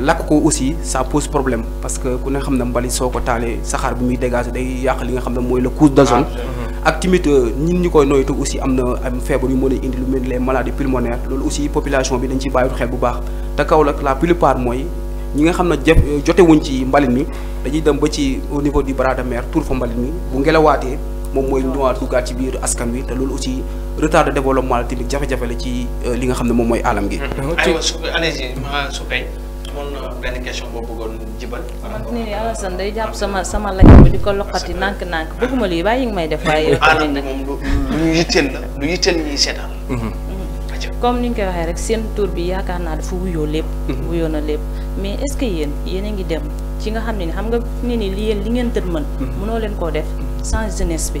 Speaker 2: lakko aussi ça pose problème parce que ku ne xam ne mbalit soo ko taalee bi muy dégager day yàq li nga xamna moy le la couche d'ozone ah, mhm. ak timit euh, ñin ñi koy noytu aussi amna am fièvre yu mën indi lu mel les maladies pulmonaires loolu aussi population bi dañ ci bayu xel bu baax ta Kaolack la plupart moy ñi nga xamna ne euh, wuñ ci mbalit mi dañuy dem ba ci au niveau du bras de mer tour fo mbalit mi bu ngelawaatee mom moy ñëwaat du ci biir askan wi te loolu aussi retard de développement timit jafé jafé jafe la ci euh, li nga xam mom moy alam gi. Mhm. allez ma amoon na benn question boo bëggoon jibal. man
Speaker 4: nii day jàpp sama sama lay di ko loqati nànk-nànk bëgguma lii bàyyi nga may def waaye. alam bi
Speaker 1: moom
Speaker 2: mhm.
Speaker 4: comme ni ñu koy waxee rek seen tour bi yaakaar naa dafa wuyoo lépp. Mhm. wuyoo na lépp mais est-ce que yéen yéen a ngi dem ci nga xam ne ni nga ne ni li yéen li ngeen tër mën. Mhm. mënoo leen koo def sans jeunesse bi.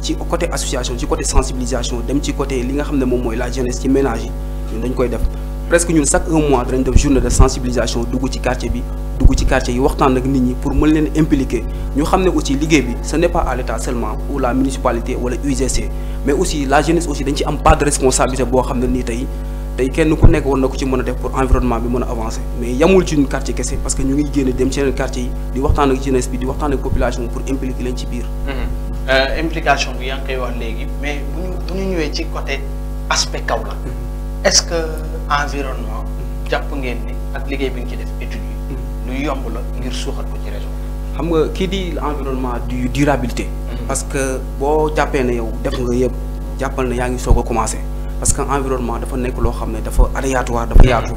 Speaker 2: ci côté association ci côté sensibilisation dem ci côté li nga xam ne moom la jeunesse ci ménage ñun dañ koy presque ñun chaque un mois danañ journée de sensibilisation dugg ci quartier bi dugg ci quartier yi waxtaan ak nit ñi pour mën leen impliquer nous savons ne aussi ligue bi ce n'est pas à l'état seulement ou la municipalité ou wala UGC mais aussi la jeunesse aussi dañ ci pas de responsabilité pour xam ne nii tey tey kenn ku nekk war na ci mën a def pour environnement bi mën a avancer mais yamul ci parce que nous ngi génn dem ci quartier yi di waxtaan ak jeunesse bi di waxtaan la population pour impliquer les ci mmh.
Speaker 1: Euh, implication bi yaa ngi wax léegi mais bu ñu bu ci côté aspect Kaolack mm-hmm. est-ce que environnement japp ngeen ni ak liggéey bi ci def étude yi
Speaker 2: mm-hmm. lu yomb la ngir suuxat ko ci région xam nga kii di environnement du durabilité mm-hmm. parce que boo jàppee ne yow def nga yëpp jàppal ne yaa ngi soog a commencé parce que environnement dafa nekk loo xam ne dafa aléatoire dafa yaatu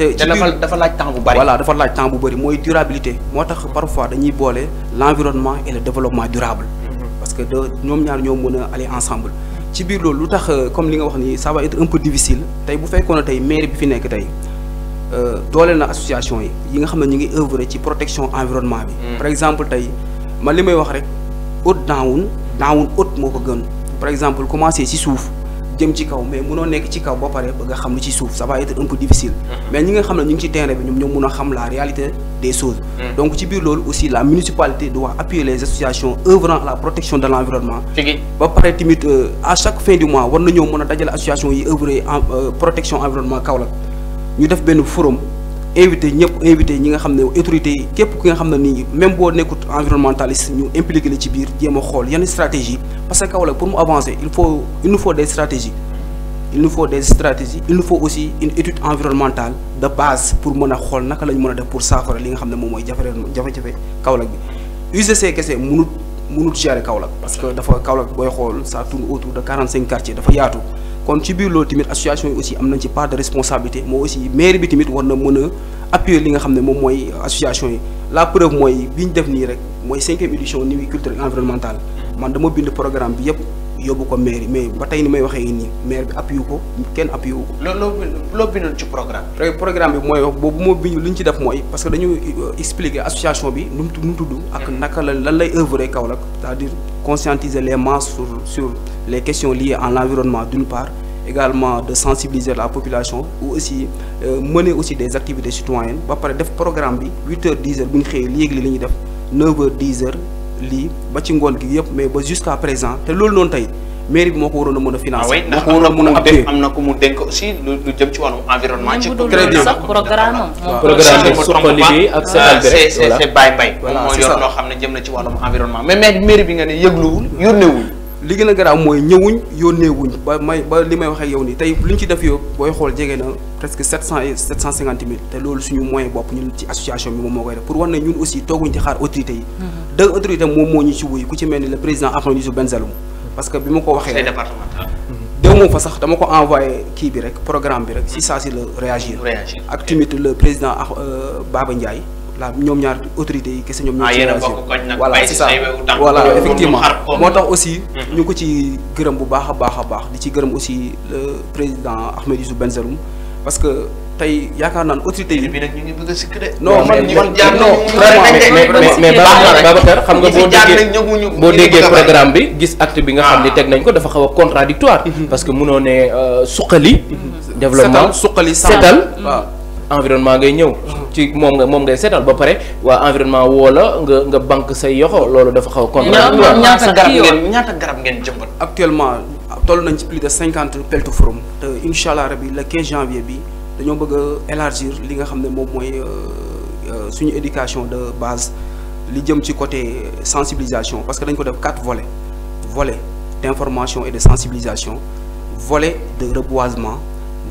Speaker 2: te dafa dafa laaj temps bu bari voilà dafa laaj temps bu bari mooy durabilité moo tax parfois dañuy boole l'environnement et le développement durable que nous ñoom ñaar ñoo mën aller ensemble ci biir lolou lu tax euh, comme li nga wax ni ça va être un peu difficile tay bu fekkone tay maire bi fi nekk tey euh, dooleel na association yi yi nga xam ne ñu ngi œuvrer ci protection environnement bi mm. par exemple tay ma limay wax rek haute down down out moko gën par exemple commencer ci souf jëm ci kaw mais munoo nekk ci kaw ba pare bëgg a xam lu ci suuf ça va être un peu difficile. Mhm. mais ñi nga xam ne ñu ngi ci terrain bi ñoom ñoo xam la réalité des choses. Mhm. donc ci biir loolu aussi la municipalité doit appuyer les associations œuvrant à la protection de l' environnement. ba pare tamit euh, à chaque fin du mois war nañoo mën a dajale association yi en euh, protection environnement Kaolack ñu def benn forum invité ñep invité ñi nga xamné autorité képp ki nga xamné ne même bo nekkut environnementaliste ñu impliqué la ci biir jéem a xool stratégie parce que Kaolack pour mu avancer il faut il nous faut des stratégies il nous faut des stratégies il nous faut aussi une étude environnementale de base pour mëna xol xool naka la ñu def pour saafara li nga xamné mom moy jafé jafé jafe-jafe Kaolack bi UGC kese mënut mënut gérer Kaolack parce que dafa Kaolack boy xol ça tourne autour de quarante cinq quartiers dafa yaatu kon ci biir loolu tamit association yi aussi am nañ ci part de responsabilité moo aussi mairie bi tamit war na mën a appuyer li nga xam ne moom mooy association yi la preuve mooy bi ñu def nii rek mooy cinquième édition niveau culture environnementale man dama bind programme bi yëpp yobuko maire mais ni maire programme Le programme bi parce que dañu euh, expliquer association bi hmm. c'est-à-dire conscientiser les masses sur les questions liées à l'environnement d'une part. également de sensibiliser la population ou aussi euh, mener aussi des activités citoyennes ba def programme bi 8h-10h, def lii ba ci ngoon gi yëpp mais ba jusqu'à présent te loolu noonu tey mairie bi moo ko waroon a mën a financer. Ah moo ko waroon a mën a appuyer am na
Speaker 1: ku mu dénk aussi lu jëm ci wàllum environnement. ci
Speaker 4: programme am.
Speaker 1: programme bi suqali ak setal bi rek voilà c'est c'est Baye Mbaye. voilà c'est ça moom loo xam ne jëm na ci wàllum environnement mais mairie
Speaker 2: bi nga ne yëgluwul yónneewul. li gën graw moy ñëwuñ yónneewuñ ba may ba limay may wax ak yow ni tay li ci def yo boy xol jege na presque 700 cent et sept loolu suñu moyen bop ñun ci association bi mo mo koy def pour war ñun aussi toguñ ci xaar autorité yi. Mm-hmm. da autorité mo mo ñu ci wuy ku ci melni le président Arnaud Youssou Bengelloune. parce que bima ma ko waxee. c'est
Speaker 1: départemental. Mm-hmm.
Speaker 2: déw mo fa sax dama ko envoyer ki bi rek programme bi rek si ça si le réagir. réagir ak tamit le président euh, Baba Ndiaye. la ñoom ñaar autorités yi kese ñoom ñoo ah, ci voilà c'est ça voilà effectivement moo tax aussi mm-hmm. ñu ko ci gërëm bu baax a baax a baax di ci gërëm aussi le président Ahmed Youssouf Bengelloune parce que tey yaakaar naan autorité yi bi nag ñu ngi bëgg a sikk de non man man jaar non mais Babacar xam nga boo déggee boo déggee
Speaker 3: programme bi gis acte bi nga xam ne ah. teg nañ ko dafa xaw a contradictoire mm-hmm. parce que mënoo ne euh, suqali mm-hmm. développement suqali setal waaw environnement ngay ñew ci mom nga mom ngay sétal ba paré wa environnement woo la nga nga banque say yoxo lolu dafa xaw kon ñaata
Speaker 2: garab ngeen ñaata garab ngeen jëmbat actuellement toll nañ ci plus de 50 peltu forum te inshallah rabbi le 15 janvier bi dañu bëgg élargir li nga xam ne moom mooy euh, euh, suñu éducation de base li jëm ci côté sensibilisation parce que dañ ko def quatre volets volet d'information et de sensibilisation volet de reboisement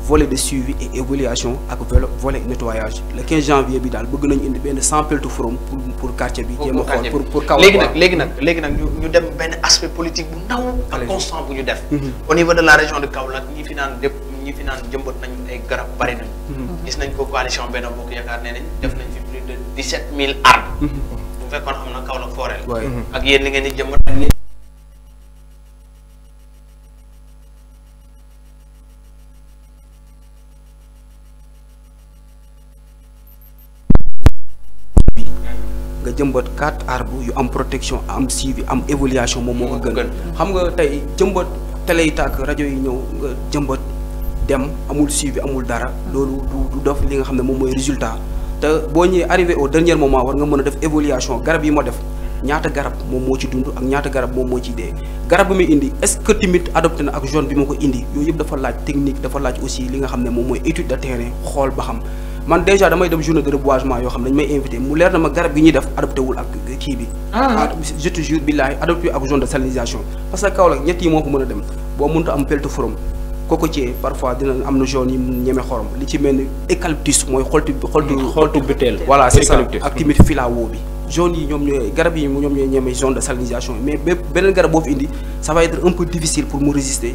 Speaker 2: volet de suivi et évaluation ak volet nettoyage le 15 janvier bi daal bëgg nañu indi benn sans peltu forum pour pour quartier bi. jéem a xool pour pour kaw léegi nag léegi nag
Speaker 1: léegi nag ñu dem benn aspect politique bu ndaw. ak constant bu ñu def. Mhm. au niveau de la région de Kaolack ñi fi naan dépp ñi fi naan jëmbat nañu ay garab bari nañu. Mhm. gis nañ ko coalition Benno Bokk Yaakaar nee nañ def mhm. nañ fi plus de 17000 arbres. bu fekkoon am na Kaolack forêt la. ak yéen li ngeen di jëmbat.
Speaker 2: jëmbat quatre arbu yu am protection am suivi am évaluation mom moo ko gën xam nga tay jëmbat télé yi tàkk yi ñëw nga jëmbat dem amul suivi amul dara lolu du def li nga xam mom moy résultat te bo ñëwee arrivé au dernier moment war nga mëna def évaluation garab yi mo def ñaata garab mom mo ci dund ak ñaata garab mom mo ci dé garab bi indi est-ce que tamit adopté na ak bi mako indi yooyu yeb dafa laaj technique dafa laaj aussi li nga xam mom moy étude de terrain xol ba xam man déjà damay dem journée de reboisement yo xam dañ may invité mu leer na ma garab J'ai ñi def adopté wul ak ki bi. Ah. Ah, je te jure ak de salinisation. parce que Kaolack yi dem bo am pelte cocotier parfois dina am na jaune yi ñëmé xorom li ci mel eucalyptus moy xoltu. Mm, voilà c'est ça ak timit bi. jaune yi garab yi zone de salinisation mais ça va être un peu difficile pour mu résister.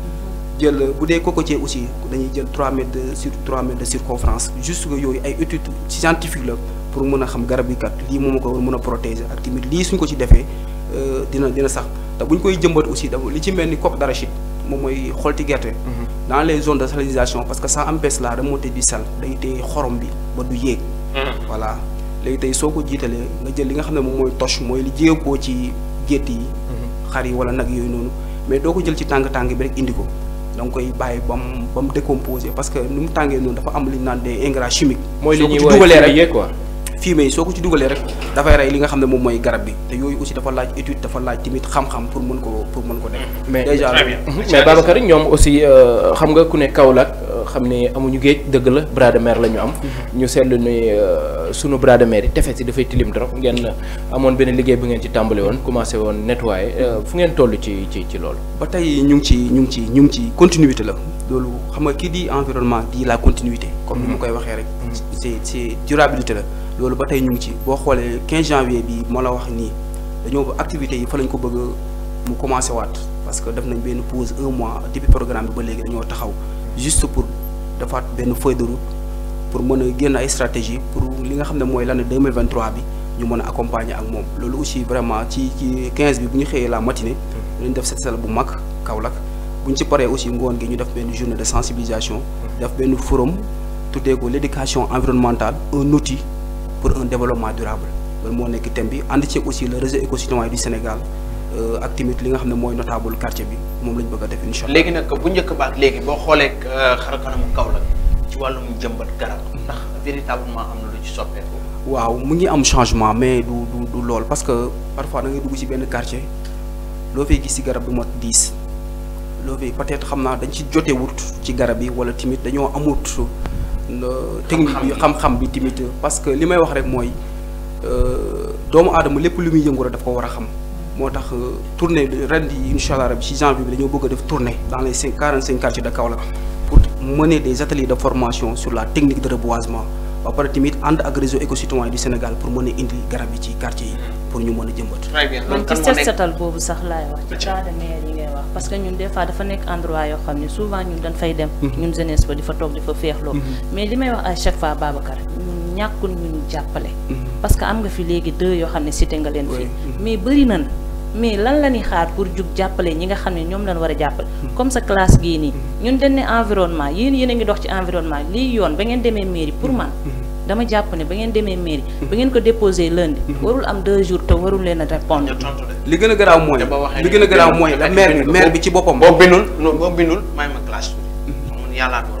Speaker 2: jël bu dee cocotier aussi dañuy jël trois mètres de sur trois mètres de circonférence juste que yooyu ay études scientifique la pour mën a xam garab yi kat lii moom ko war mun a protéger ak tamit lii suñ ko ci defee euh, dina dina sax te buñ koy jëmbat aussi da li ci mel ni coque d'arachide moom mooy xolti gerte. Mhm. dans les zone de salinisation parce que ça empêche la remontée du sel day téye xorom bi ba du yéeg. Mhm. voilà léegi tey soo ko jiitalee nga jël li nga xam ne moom mooy toche mooy li jéego ko ci gétt yi. Mhm. xar yi wala nag yooyu noonu mais doo ko jël ci tàng tàng bi rek indi ko. da nga koy bàyyi ba mu ba parce que nu mu tàngee noonu dafa am li naan des engrais chimiques. mooy li ñuy woowee fumier quoi fumier yi soo ko ci dugalee rek dafay rey li nga xam ne moom mooy garab bi te yooyu aussi dafa laaj étude dafa laaj tamit xam-xam pour mën ko pour mën ko def. déjà mais Babacar
Speaker 3: ñoom aussi euh, xam nga ku ne Kaolack. xam ne amuñu géej dëgg la bras de mer la ñu am. ñu seetlu ni euh, sunu bras de mer yi tefes yi dafay tilim trop ngeen amoon benn liggéey bu ngeen ci tàmbali woon commencé woon nettoyer euh, fu ngeen toll ci
Speaker 2: ci ci loolu. ba tey ñu ngi ci ñu ngi ci ñu ngi ci continuité la loolu xam nga kii di environnement di la continuité. comme ni mu koy waxee rek. Mhm. c'est c'est la. loolu ba tey ñu ngi ci boo xoolee 15 janvier bi moo la wax nii dañoo activités yi fa lañ ko bëgg mu commencé waat parce que def nañ benn pause un mois depuis programme bi ba léegi dañoo taxaw. juste pour faire une feuille de route pour avoir une stratégie pour li l'année 2023 bi ñu accompagné les accompagner ak moom loolu aussi vraiment ci 15 minutes matin, nous la matinée dañu def set sel bu Kaolack ci aussi journée de sensibilisation fait un forum tuddee l'éducation environnementale un outil pour un développement durable Nous avons nekk aussi le réseau écosystème du Sénégal euh, ak tamit li nga notable quartier moom lañ bëgg a def incha léegi nag
Speaker 1: bu njëkk ba léegi boo xoolee euh, xar kanamu Kaolack ci wàllum jëmbat garab ndax véritablement am lu ci soppeeku.
Speaker 2: waaw mu ngi am changement mais du du lool parce que parfois na ngay dugg ci benn quartier loo fay gis ci garab du mat diis loo fay peut-être xam naa dañ ci jote wut ci garab yi wala tamit dañoo amut. Euh, technique bi xam-xam bi tamit parce que li may wax rek mooy euh, doomu aadama lépp lu muy yëngu daf ko war a xam. motax euh, tournée de yi inshallah allah ci janvier bi dañoo bëgg def tournée dans les 45 quartiers de Kaolack pour mener des ateliers de formation sur la technique de reboisement ba pare timit ànd ak réseau éco-citoyen du Sénégal pour mener indi garab ci quartier yi pour ñu mëna a jëmbat.
Speaker 4: très bien man ci set setal boobu sax laay wax. ci de maire yi ngay wax parce que ñun des fois dafa nek endroit yo xam souvent ñun dañ fay dem. Mhm. ñun jeunesse ba di fa toog di fa féexloo. Mhm. mais limay wax à chaque fois Babacar ñakul ñu ñu mhm. parce que am nga fi légui deux yo xamné cité nga len fi mais bari nan mais lan la ñuy xaar pour jug jàppale ñi nga xam ne ñoom lañ war a jàppale comme sa classe gii nii ñun dañ ne environnement yéen yéen a ngi dox ci environnement lii yoon ba ngeen demee mairie pour man dama jàpp ne ba ngeen demee mairie ba ngeen ko déposé lundi warul am deux jours te warul leen a répondre
Speaker 2: li gën a garaaw mooy li gën a garaaw mooy maire bi maire bi ci boppam boo bindul boo bindul may ma classe mm-hmm. yàllaa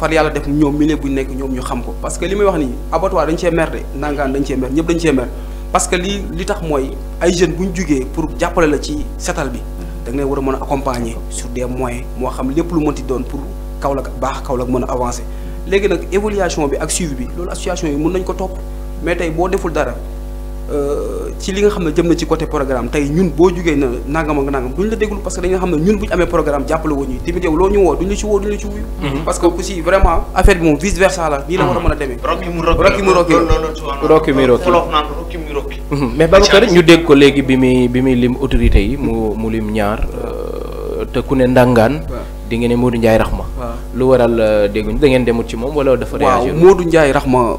Speaker 2: far yàlla def ñoom milieu bu ñu nekk ñoom ñu xam ko parce que li may wax nii abattoir dañ cee mer de nangaan dañ cee mer ñëpp dañ cee mer parce que li li tax mooy ay jeunes bu ñu jugee pour jàppale la ci setal bi dangay ngay war a mën a accompagner su des moyens moo xam lépp lu mënti doon pour Kaolack baax Kaolack mën a avancer léegi nag évaluation bi ak suivi bi loolu association yi mun nañ ko topp mais tey boo deful dara Euh, ci li nga xam ne jëm na ci côté programme tey ñun boo jugee na nangam am nangam duñ la déglu parce que dañu xam ne ñun bu amee programme jàppale wuñu tamit yow loo ñu woo duñ la ci woo duñ la ci wuyu mhm. que aussi vraiment affaire bi moom vice versa la nii la war a mën mu ñu
Speaker 3: dégg ko léegi bi muy bi muy lim autorité mu mu lim ñaar euh, te ku ne ndàngaan di ngeen ne Modou rax ma lu waral euh, dégg da ngeen demut ci moom wala dafa réagir waaw
Speaker 2: njaay rax ma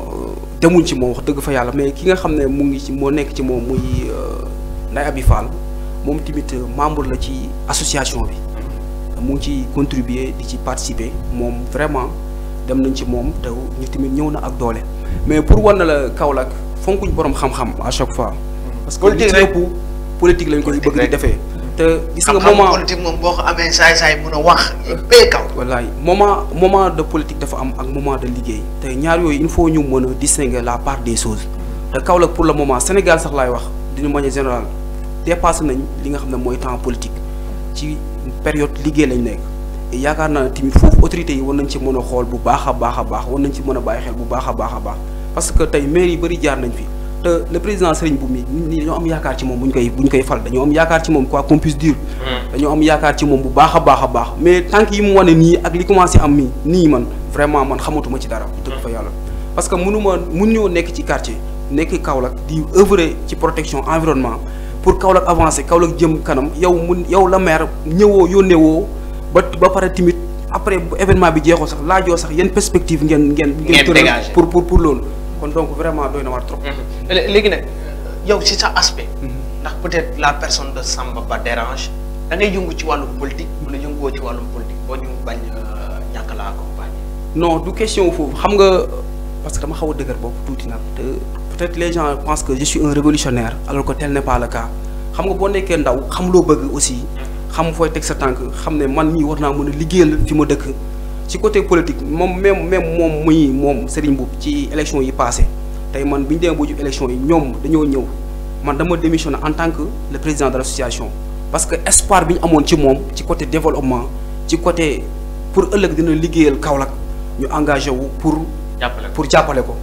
Speaker 2: demuñ ci mom wax deug fa yalla mais ki nga xam mo ngi ci mo nek ci mom muy euh, Ndeye Abi Fall moom euh, membre la ci association bi mo ngi ci contribuer di ci participer mom vraiment dem nañ ci mom te ñu tamit ñëw na ak doole mais pour wonna la kaolak fonkuñ borom xam-xam à chaque fois. parce que politique lañ koy bëgg di défé te gis nga moment politique moom boo ko amee saay saay mun a wax euh, bee kaw. wallaay moment moment de politique dafa am ak moment de liggéey te ñaar yooyu il faut ñu mën a distinguer la part des choses te Kaolack pour le moment Sénégal sax laay wax d'une manière générale dépassé nañ li nga xam ne mooy temps politique ci période liggéey lañ nekk. yaakaar naa ne tamit foofu autorités yi war nañ ci mën a xool bu baax a baax a baax war nañ ci mën a bàyyi xel bu baax a baax a baax parce que tey maire yi bëri jaar nañ fi. Euh, le président Serigne Boumi ni ñu am yaakaar ci mom buñ koy buñ koy fal dañu am yaakaar ci mom quoi qu'on puisse dire. Hmm. dañoo am yaakaar ci mom bu baaxa baaxa baax mais tànk yi mu wane ni ak li commencé am nii man vraiment man xamatuma ci dara. dëgg fa hmm. yalla parce que mënuma mun ñoo nekk ci quartier nekk Kaolack di œuvrer ci protection environnement pour Kaolack avancer Kaolack jëm kanam yow yow la maire ñëwoo yónnee ba ba pare timit après bu événement bi jeexoo sax laajoo sax yeen perspective ngeen ngeen. ngeen pour pour pour loolu. kon donc vraiment doyna war trop.
Speaker 1: léegi nak yow ci sa aspect. ndax peut-être la personne de Samba Ba dérange da ngay yëngu ci walu politique wala yëngoo ci walu politique bo ñu bañ ñak la accompagner.
Speaker 2: non du question foofu xam nga parce que dama xawu a dëgër touti nak te peut-être les gens pensent que je suis un révolutionnaire alors que tel n'est pas le cas xam nga bo nekké ndaw xam lo bëgg aussi. xam fooy teg sa tànk xam ne man mii war naa mën a liggéeyal fi ma dëkk. ci côté politique mom même même moom muy moom Serigne Mboup ci élection yi passé tay man bi ñu demee ci élection yi ñom dañoo ñëw man dama démissionné en tant que le président de l'association parce que espoir bi amone ci mom ci côté développement ci côté pour ëllëg dina liggéeyal Kaolack ñu engagé wu pour. jàppale pour jappalé ko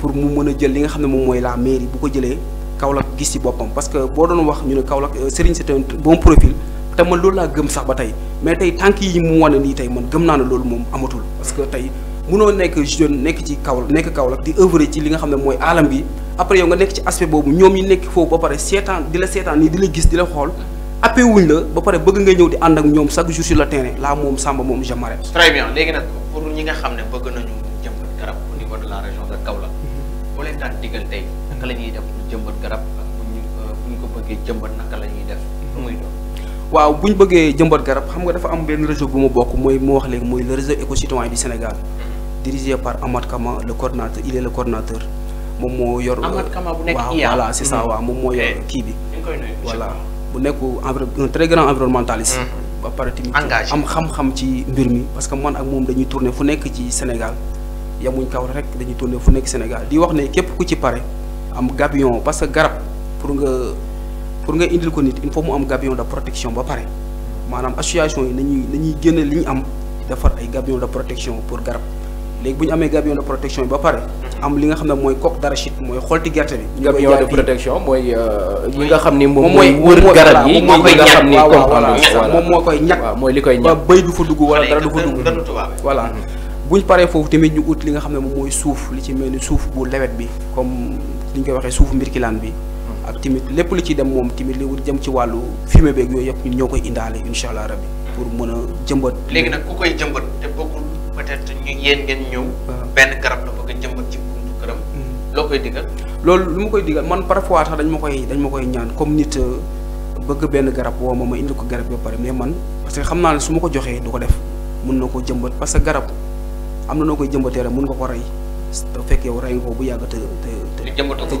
Speaker 2: pour mu mëna jël li nga xamné mom moy la mairie bu ko jëlé Kaolack gis ci bopam parce que bo doon wax ñu ne Kaolack euh, Serigne c'est un bon profil. te man loolu laa gëm sax ba tey mais tey tànk yi mu wane nii tey man gëm naa ne loolu moom amatul parce que tey munoo nekk jeune nekk ci kaw nekk Kaolack di œuvre ci li nga xam ne mooy alam bi après yow nga nekk ci aspect boobu ñoom yi nekk foofu ba pare seetaan di la seetaan nii di la gis di la xool appee wuñ la ba pare bëgg nga ñëw di ànd ak ñoom chaque jour sur le terrain laa moom Samba moom je m'arrête. très bien
Speaker 1: léegi nag pour ñi nga xam ne bëgg nañu jëmbat garab au niveau de la région de Kaolack boo mhm. leen daan la ñuy def jëmbat garab ak bu ñu euh, bu ñu ko naka la ñuy def mhm. lu
Speaker 2: waaw bu ñu bëggee jëmbat garab xam nga dafa am benn réseau bu ma bokk mooy mu wax léegi mooy le réseau éco-citoyen du Sénégal dirigé par Amad Kama le coordinateur il est le coordinateur moom moo yor. Amad Kama
Speaker 1: bu nekk waaw voilà c'est ça mm-hmm. waaw
Speaker 2: moom moo yor kii bi. voilà bu nekk un très grand environnementaliste. Mm-hmm. ba pare tamit am xam-xam ci mbir mi parce que man ak moom dañuy tourner fu nekk ci Sénégal yamuñ kaw rek dañuy tourner fu nekk Sénégal di wax ne képp ku ci pare am gabion parce que garab pour nga. pour nga indil ko nit il faut mu am gabion de protection ba pare maanaam association yi nañuy nañuy génne li ñu am defar ay gabion de protection pour garab léegi bu ñu amee gabion de protection ba pare. am li nga xam ne mooy coque d'arachide mooy xolti gerte bi. gabion de
Speaker 3: protection mooy. Euh, nga xam ni moom mooy wër garab yi moom mooy ñàkk moom moo
Speaker 2: koy ñàkk mooy li koy ñàkk ba béy du fa dugg wala dara du fa dugg. voilà mm-hmm. bu ñu paree foofu tamit ñu ut li nga xam ne moom mooy suuf li ci mel ni suuf bu lewet bi comme li ñu koy waxee suuf mbirkilaan bi ak tamit lépp lu ci dem moom tamit li jëm ci wàllu fumier beeg yooyu yëpp ñoo koy indaale incha allah rabbi pour mën a jëmbat. léegi nag
Speaker 1: ku koy jëmbat te bokkul peut-être benn garab la bëgg a jëmbat ci buntu hmm. koy digal.
Speaker 2: loolu lu ma koy digal man parfois sax dañ ma koy dañ ma koy ñaan comme euh, bëgg benn garab woo ma ma indil ko garab yoo pare mais man parce que xam naa ne su ma ko joxee du ko def mun na ko jëmbat parce que garab am na noo koy jëmbatee rek mun nga ko rey. bu fekkee yow rayu ko bu yàgg te te te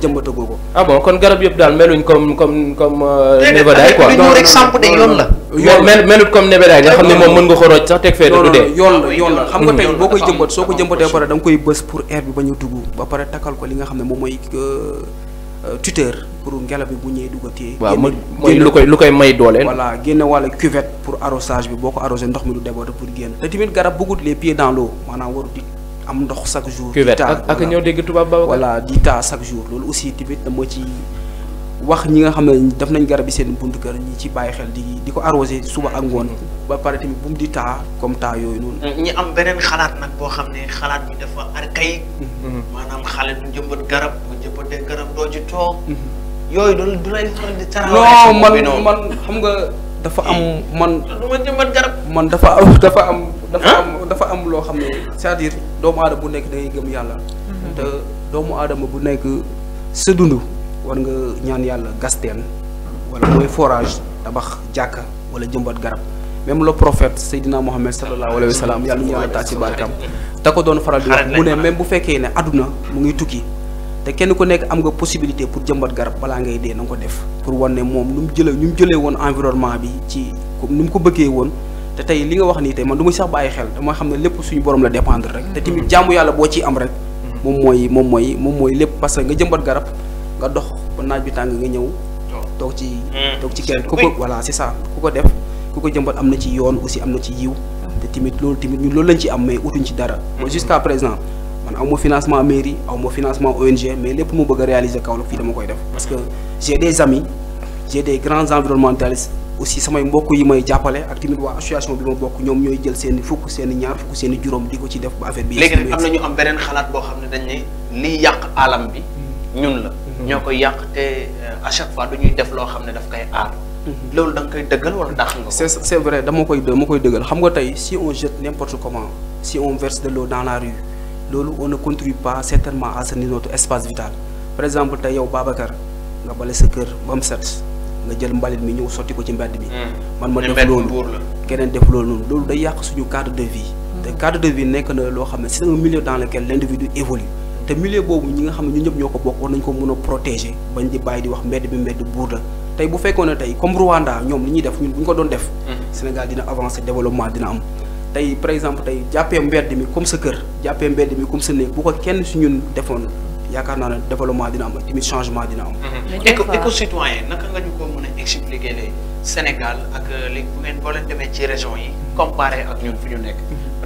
Speaker 2: jëmbatagoo ko.
Speaker 3: ah bon kon garab yëpp daal meluñ comme comme comme. Euh, nebedaay quoi non non rek samp de yoon la. yoon mel comme nebedaay nga xam ne moom mën nga ko rooj sax teg fee. du dee yoon la yoon la xam nga tey boo koy
Speaker 2: jëmbat soo ko jëmbatee ba pare da nga koy bës pour air bi ba ñu dugg ba pare takkal ko li nga xam ne moom mooy. Euh, tuteur pour ngelaw bi bu ñëwee du ko téye. waaw mooy lu koy lu koy may doole. voilà génne wàlla cuvette pour arrosage bi boo ko arrosé ndox mi du déborder pour génn garab bëggut les pieds dans l'eau maanaam warut am ndox chaque jour. cuvette ak ñoo dégg tubaab ba voilà di taa chaque jour loolu aussi tamit dama ci wax ñi nga xam ne daf nañ garab yi seen buntu kër ñi ci bàyyi xel di di ko arrosé suba ak ngoon. ba pare tamit bu mu di taa comme taa yooyu noonu.
Speaker 1: Mm, ñi am beneen xalaat nag boo xam ne xalaat bi dafa archaïque. Mm-hmm. maanaam xale du jëmbat garab bu garab doo ci
Speaker 2: toog. Mm-hmm. yooyu du lay faral di. non man man xam nga. dafa am man. man garab. man dafa am dafa am. dafa am dafa am loo xam ne c'est-à-dire doomu aadama bu nekk da ngay gëm yàlla. Mhm. doomu aadama bu nekk sa dund war nga ñaan yàlla gasteen wala mooy forage tabax jàkka wala jëmbat garab même le prophète Seydina Mohamed sallallahu alayhi wa sallam yàlla ñu yàlla taal ci barkam te ko doon faral di wax mu ne même bu fekkee ne àdduna mu ngi tukki. te kenn ku nekk am nga possibilité pour jëmbat garab balaa ngay dee na ko def pour wan moom nu mu jële nu mu jëlee woon environnement bi ci comme nu mu ko bëggee woon te tey li nga wax nii te man du muy sax bàyyi xel dama xam ne lépp suñu borom la dépendre rek te tamit mm-hmm. jaamu yàlla boo ciy am rek mm-hmm. moom mooy moom mooy moom mooy lépp parce que nga jëmbat garab nga dox ba naaj bi tàng nga ñëw toog ci mm. toog ci kenn ku ko voilà c'est ça ku ko def ku ko jëmbat am na ci yoon aussi am na ci yiw te tamit loolu tamit ñun loolu lañ ci am mais ci dara mm-hmm. jusqu'à man aw financement mairie aw financement ONG mais lepp mu bëgg réaliser kaw lu fi dama koy def parce que j'ai des amis j'ai des grands environnementalistes aussi samay mbokk yi may jappalé ak timit wa association bi ma bokk ñoom ñooy jël seen fukk seen ñaar fukk seen juroom diko ci def ba affaire bi. léegi nag am na ñu
Speaker 1: am benen xalaat bo xam dañ né liy yàq alam bi ñun la. Mhm. ñoo koy té euh, à chaque fois duñuy def lo xam daf kay aar. Mhm. loolu da koy dëggal wala dakh
Speaker 2: nga c'est c'est vrai dama koy dama koy dëggal xam nga tay si on jette n'importe comment si on verse de l'eau dans la rue on ne contribue pas certainement à notre espace vital par exemple yow nga balé sa nga jël mbalit mi ko ci bi hmm. man ma def loolu keneen def loolu day suñu cadre de vie hmm. te cadre de vie na c'est un milieu dans lequel l'individu évolue te milieu bobu ñi nga protéger bañ di bay di wax bi bu comme Rwanda ñom def ñun ko doon def hmm. Sénégal dina avancer développement dina am tey par exemple tey jàppee mbedd mi comme sa kër jàppee mbedd mi comme sa néeg bu ko kenn si ñun defoon yaakaar naa ne développement dina am changement dina am.
Speaker 1: Mhm. éco-citoyen naka nga ñu ko a expliquer ne Sénégal ak léegi bu ngeen boo demee ci région yi comparé ak ñun fi ñu nekk.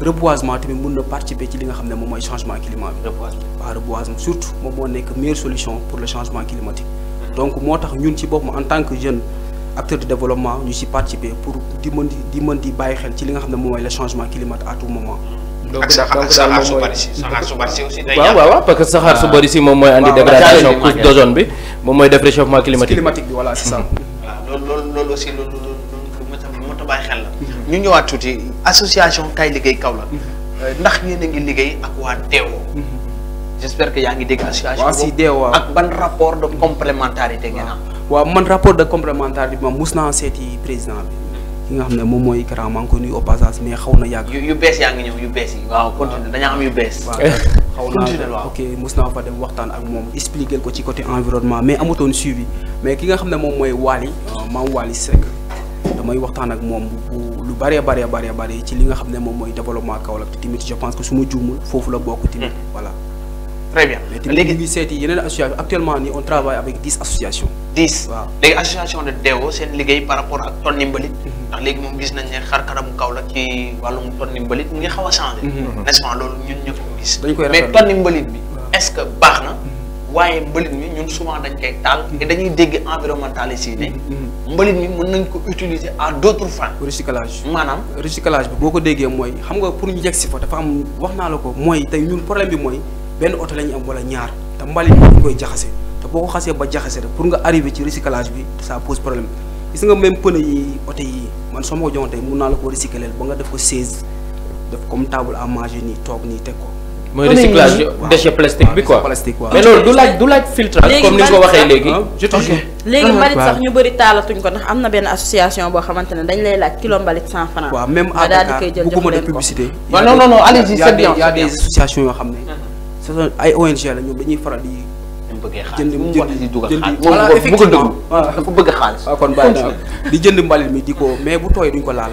Speaker 2: reboisement tamit mun na participer ci li nga xam ne moom mooy changement climat bi. waaw reboisement surtout moom moo nekk meilleure solution pour le changement climatique. Mm-hmm. donc moo tax ñun ci boppam en tant que jeune acteur de développement ñu si participer pour di mën di bàyyi xel ci li nga xam ne moom mooy le changement climatique à tout moment. Mm-hmm. donc parce que saxaar
Speaker 1: ah. su bari si moom mooy andi ah, dégradation couche d'ozone bi moom mooy def réchauffement climatique. climatique mot a bàyyi xel la. Mhm. ñu ñëwaat tuuti association kay liggéey Kaolack. Mhm. Euh, ndax
Speaker 2: yéen a ngi liggéey ak waa Dewo. Mhm. j'espère que yaa ngi dégg association. waaw si Dewo ak ban rapport de complémentarité ngeen am. waaw man rapport de complémentarité bi moom mus naa seeti président bi. ki nga xam ne moom mooy Kara maa ngi ko nuyu au passage mais xaw na yàgg. yu yu bees
Speaker 1: yaa ngi ñëw yu bees yi. waaw continue dañaa am yu bees. waaw
Speaker 2: xaw naa ok mos naa fa dem waxtaan ak moom expliquer ko ci côté environnement mais amutoon suivi mais ki nga xam ne moom mooy Waly euh, maam Waly Seck. damay waxtaan ak moom bu lu baree baree baree bëri ci li nga xam ne moom mooy développement Kaolack te tamit je pense que su ma juumul foofu la bokk tamit hmm. voilà très bien léegi mais tamit ñu ngi seeti yeneen association actuellement nii on travaille avec dix associations. dix waaw léegi association de DEO seen liggéey par rapport ak tonni
Speaker 1: mbalit. Hmm. ndax léegi moom gis nañ ne xar kanamu Kaolack ci wàllum tonni mbalit mu ngi xaw a changé. Hmm. n'est-ce loolu ñun ñëpp gis. dañ koy mais tonni mbalit bi est-ce que baax na. waaye mbalit mi
Speaker 2: ñun souvent dañ koy taal. et dañuy dégg environnementaliste yi ne.
Speaker 3: Mm-hmm.
Speaker 2: mbalit mi mën nañ ko utiliser à d' autres fins. recyclage maanaam. recyclage bi boo ko déggee mooy xam nga pour ñu yegg si fa dafa am wax naa la ko mooy tey ñun problème bi mooy benn oto la am wala ñaar te mbalit mi dañ koy jaxase te boo ko xasee ba jaxase rek pour nga arrivé ci recyclage bi ça pose problème gis nga même pneu yi yi man soo ma ko joxoon tey mun naa la ko recycler ba nga def ko 16 def comme table à manger nii toog nii teg ko. mooy recyclage déchet plastique bi quoi mais loolu du laaj
Speaker 5: ko waxee léegi. Oh, léegi sax ñu bëri taalatuñ ko ndax am na benn association boo xamante ne dañ lay laaj kilo mbalit cent franc. waaw même à Dakar bëgguma de
Speaker 2: publicité. waaw non non non allez a des associations yoo xam ne. ce sont ay ONG la ñoom dañuy faral di. jënd bëgg a xaalis. kon bàyyi di jënd mbalit mi di ko mais bu tooy duñ ko laal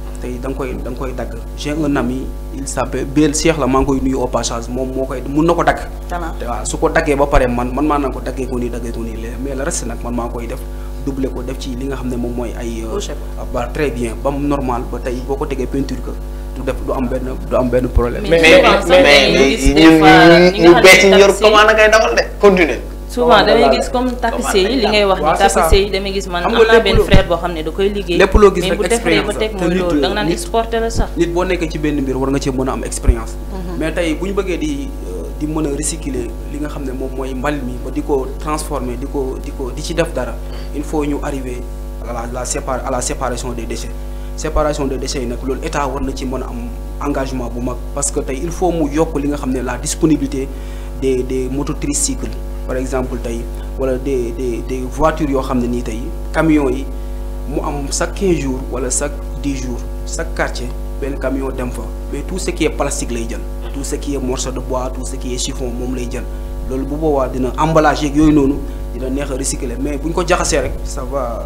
Speaker 2: tey da koy da nga koy dagg j'ai un ami il s'appelle Béel Cheikh la maa ngi koy nuyu au passage moom moo koy mun na ko dagg waaw su ko daggee ba pare man man maa naan ko daggee ko nii daggee ko nii mais le reste nag man maa koy def doublé ko def ci li nga xam ne moom mooy ay ba très bien ba mu normal ba tey boo ko tegee peinture que du def du am benn du am benn problème mais mais ñu bees yi ñor commande
Speaker 4: ngay dawal de continuer souvent damay gis comme taxi yi li ngay wax ni tapissé yi damay gis man am naa benn frère bo xam da koy liggéey lépp loo gis rek expérience mais bu teg mooy da nga nan
Speaker 2: exporter la sax nit bo nekkee ci ben mbir war nga ci mëna am expérience mhm. mais tay buñu ñu bëggee di euh, di mëna recycler li nga xam mom moy mooy mbal mi ba diko transformer diko diko di ci def dara il faut ñu arriver à la la sépar à la séparation des déchets séparation des déchets nak lool état war na ci mëna am engagement bu mag parce que tay il faut mu yok li nga xam la disponibilité des des motos tricycles par exemple tay wala des des des voitures yo xamné ni tay de camions yi mu am chaque 15 jours wala chaque 10 jours chaque quartier ben camion dem fa mais tout ce qui est plastique lay jël. tout ce qui est morceau de bois tout ce qui est chiffon mom lay jël lolou bu wa dina emballage tout yoy qui dina neex recycler mais buñ ko jaxassé rek ça va.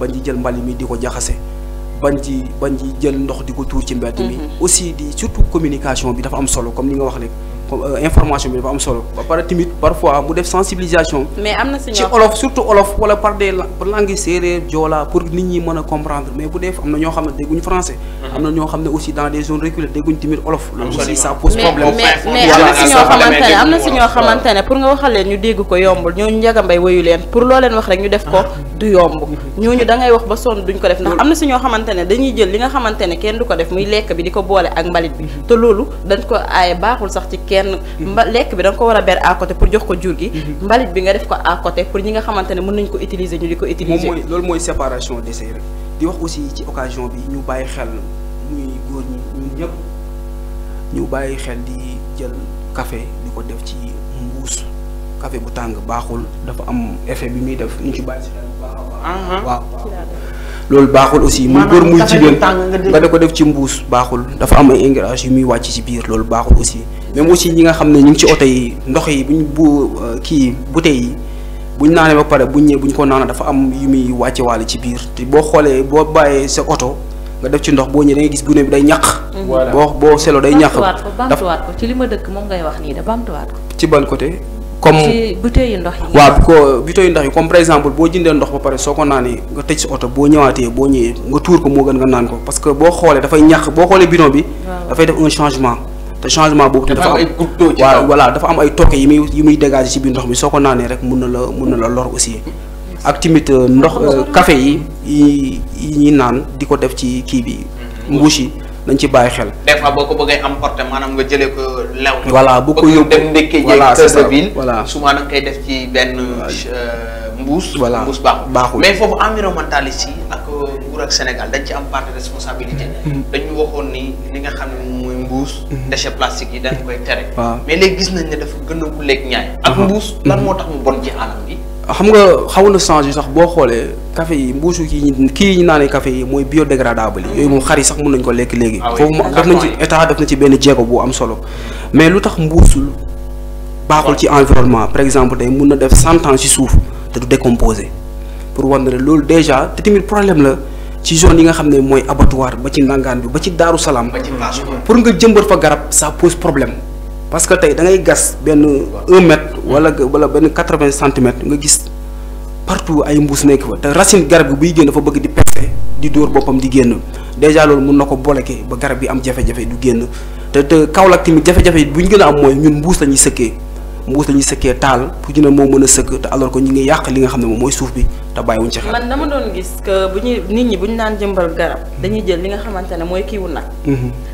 Speaker 2: bañ mbali mi di ko jël ci mi mm-hmm. aussi surtout communication bi dafa am solo comme euh, information bi am solo ba parfois mu def sensibilisation.
Speaker 5: mais ci olof
Speaker 2: surtout olof wala par des langues jola pour nit ñi mëna comprendre mais bu def amna ño français.
Speaker 5: Mhm. aussi dans des zones reculées dégguñ timit olof. aussi ça pose problème. mais pour nga ñu dégg ko pour wax rek ñu def ko ah. du yomb. da ngay wax ba duñ ko def na dañuy jël du ko def muy bi ak bi mhm. te kenn mba lekk bi da nga ko war a ber à côté pour jox ko jur gi mhm. mbalit bi nga def ko à côté pour ñi nga xamante ne mën nañ ko utiliser ñu di ko utiliser loolu
Speaker 2: mooy séparation déchets rek di wax aussi ci occasion bi ñu bàyyi xel muy góor ñu ñu ñëpp ñu bàyyi xel di jël kafe di ko def ci mbuus café bu tàng baaxul dafa am effet bi muy def ñu ci bàyyi ah, ah. waaw loolu baaxul aussi muy góor muy jigéen nga da ko def ci mbuus baaxul dafa am ay ingrédients yu muy wàcc ci biir loolu baaxul aussi même aussi ñi nga xam ne ñu ngi ci oto yi ndox yi buñ bu euh, kii bouteille yi buñ naanee ba pare bu ñëwee buñ ko naana dafa am yu muy wàcce waale ci biir te boo xoolee boo bàyyee sa oto nga def ci ndox boo ñëwee da ngay gis gune bi day ñàq boo boo selo day ñàq bamtuwaat ko bamtuwaat
Speaker 4: ko ci li ma dëkk moom ngay wax nii da bamtuwaat ko
Speaker 2: ci ban côté comme ci
Speaker 4: butéeyu ndox yi. waaw
Speaker 2: ko butéeyu ndox yi comme par exemple boo jëndee ndox ba pare soo ko naanee nga tëj sa oto boo ñëwaatee boo ñëwee nga tuur ko moo gën nga naan ko parce que boo xoolee dafay ñàq boo xoolee bidon bi. dafay def un changement. te changement boobu te dafa am ay tooke yi muy yi muy dégager ci biir ndox mi soo ko naanee rek mun na la mun na la lor aussi ak tamit euh, ndox euh, café yi yi ñuy naan di ko def ci kii bi mbuus yi nañ ci bàyyi xel.
Speaker 1: des fois boo ko bëggee emporter maanaam nga jëlee ko lew. voilà bu ko yóbbu dem ndekkee voilà c'est ça voilà souvent da nga koy def ci benn. Euh,
Speaker 2: mbuus voilà
Speaker 1: mbuus baaxul mais foofu environnementaliste yi ak euh, nguur ak Sénégal dañ ci am part de responsabilité. Hmm. dañu waxoon ni li nga xam ne mooy mbuus. Hmm. déchets plastiques yi dañ koy tere. mais léegi gis nañ ne dafa gën a wuleeg ñaay. ak mbuus lan hmm. moo tax mu bon ci alam bi.
Speaker 2: xam nga xaw na changé sax boo xoolee café yi mbuusu kii yi ñu naanee kafe yi mooy biodégradable yooyu moom xar yi sax mën nañ ko lekk léegi. Ah foofu mu def nañ ci état def na ci benn jéego bu am solo mais lu tax mbuusul baaxul ci environnement par exemple day mun na def cent ans ci suuf te du décomposer pour war na ne loolu déjà te tamit problème la ci zone yi nga xam ne mooy abattoir ba ci nangaan bi ba ci daaru salaam. pour nga jëmbat fa garab ça problème. parce que tey da ngay gas benn un mètre wala wala benn quatre vingt centimètres nga gis partout ay mbuus nekk fa te racine garab bi buy génn dafa bëgg di percer di dóor boppam di génn dèjà loolu mun na ko boleke ba garab bi am jafe-jafe du génn te te Kaolack tamit jafe-jafe bu ñu gën a am mooy ñun mbuus la ñuy sëkkee mbuus la sëkkee taal pour ñu ne moo mën a sëkk te alors que ñu ngi yàq li nga xam ne moom mooy suuf bi te bàyyiwuñ ci xel. man
Speaker 5: dama doon gis que bu ñuy nit ñi bu ñu naan jëmbal garab dañuy jël li nga xamante ne mooy kiiwu nag.
Speaker 2: Mm-hmm.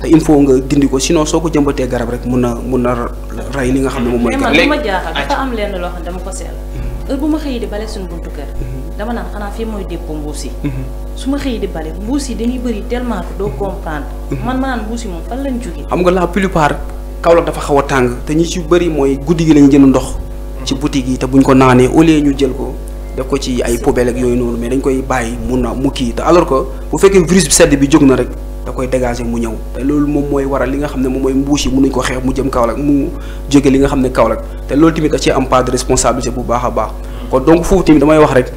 Speaker 2: te il faut nga dindi ko sinon soo ko jëmbatee garab rek mun na mun na rey li nga xam ne moom mooy. garab léegi mais man bu ma
Speaker 4: jaaxal dafa am lenn loo xam dama ko seetlu heure mhm. dama naan xanaa fii mooy dépôt mbuus mhm. su ma xëyee di bale mbuus yi dañuy bëri tellement que doo mhm. ma naan mbuus yi moom fan lañ jógee.
Speaker 2: nga la plupart Kaolack dafa xaw a tàng te ñi ci bëri mooy guddi gi lañ jënd ndox. ci boutique yi te buñ ko naanee au lieu ñu jël ko def ko ci ay poubelle ak yooyu noonu mais dañ koy bàyyi mun na mu kii te alors que bu fekkee virus bi sedd bi jóg na rek da koy dégager mu ñëw te loolu moom mooy waral li nga xam ne moom mooy mbuus yi mënuñ ko xeex mu jëm Kaolack mu jóge li nga xam ne Kaolack te loolu tamit da cee am part de responsabilité bu baax a baax kon donc foofu tamit damay wax rek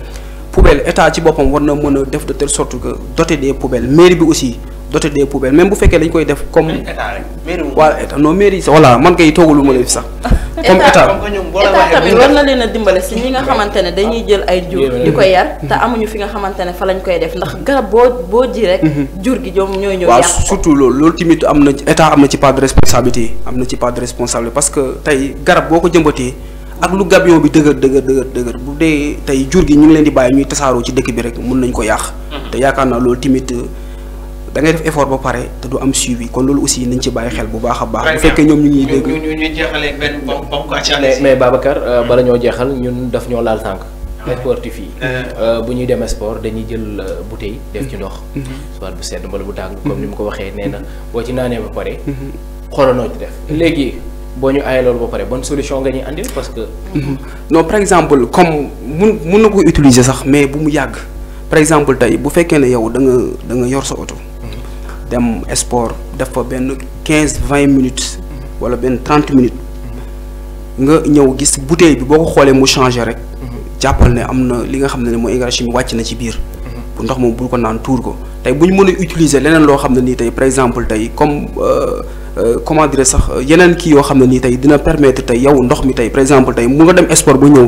Speaker 2: poubelle état ci boppam war na mën a def de telle sorte que doter des poubelles mairie bi aussi doté des poubelles même bu fekkee dañ koy def comme. waa état non mairie sax voilà man
Speaker 5: kay toogalu leen fi sax. comme tamit war na leen a dimbale si ñi nga xamante ne dañuy jël ay jur di ko yar te amuñu fi nga xamante ne fa lañ koy def ndax garab boo boo ji rek. Mhm. gi ñoom ñooy ñëw. waaw
Speaker 2: surtout loolu loolu tamit am na état am na ci part de responsabilité am na ci part de responsabilité parce que tey garab boo ko jëmbatee. ak lu gabion bi dëgër dëgër dëgër dëgër bu dee tey jur gi ñu ngi leen di bàyyi ñuy tasaaroo ci dëkk bi rek mun nañ ko yàq. Mhm. dangay def effort ba pare te du am suivi kon loolu aussi nañ ci bàyyi xel bu baax a baax. bu fekkee ñoom ñu ngi dégg
Speaker 1: ñu ñu jeexalee mais
Speaker 2: mais euh, hmm. bala ñoo jeexal ñun daf ñoo laal sànq.
Speaker 3: Ah sportif yi euh. Euh, bu ñuy demee sport dañuy jël bouteille def ci hmm. ndox. Hmm. soit bu sedd mbala bu tàng. comme ni mu ko waxee neena boo ci naanee ba pare. xoolanoo ci def léegi.
Speaker 2: boo ñu aayee loolu ba pare bonne solution nga ñuy andil parce que. non par exemple comme mun mun na ko utiliser sax mais bu mu yàgg par exemple tey bu fekkee ne yow da nga da nga yor sa oto. dem sport def fa benn quinze vingt minutes wala benn trente minutes nga ñëw gis bouteille bi boo ko xoolee mu changé rek jàppal ne am na li nga xam ne ne mooy engrais chimique wàcc na ci biir bu ndox moom bul ko naan tuur ko tey bu ñu mën a utiliser leneen loo xam ne nii tey par exemple tey comme euh, euh, comment dire sax yeneen kii yoo xam ne nii tey dina permettre tey yow ndox mi tey par exemple tey mu nga dem esport bu ñëw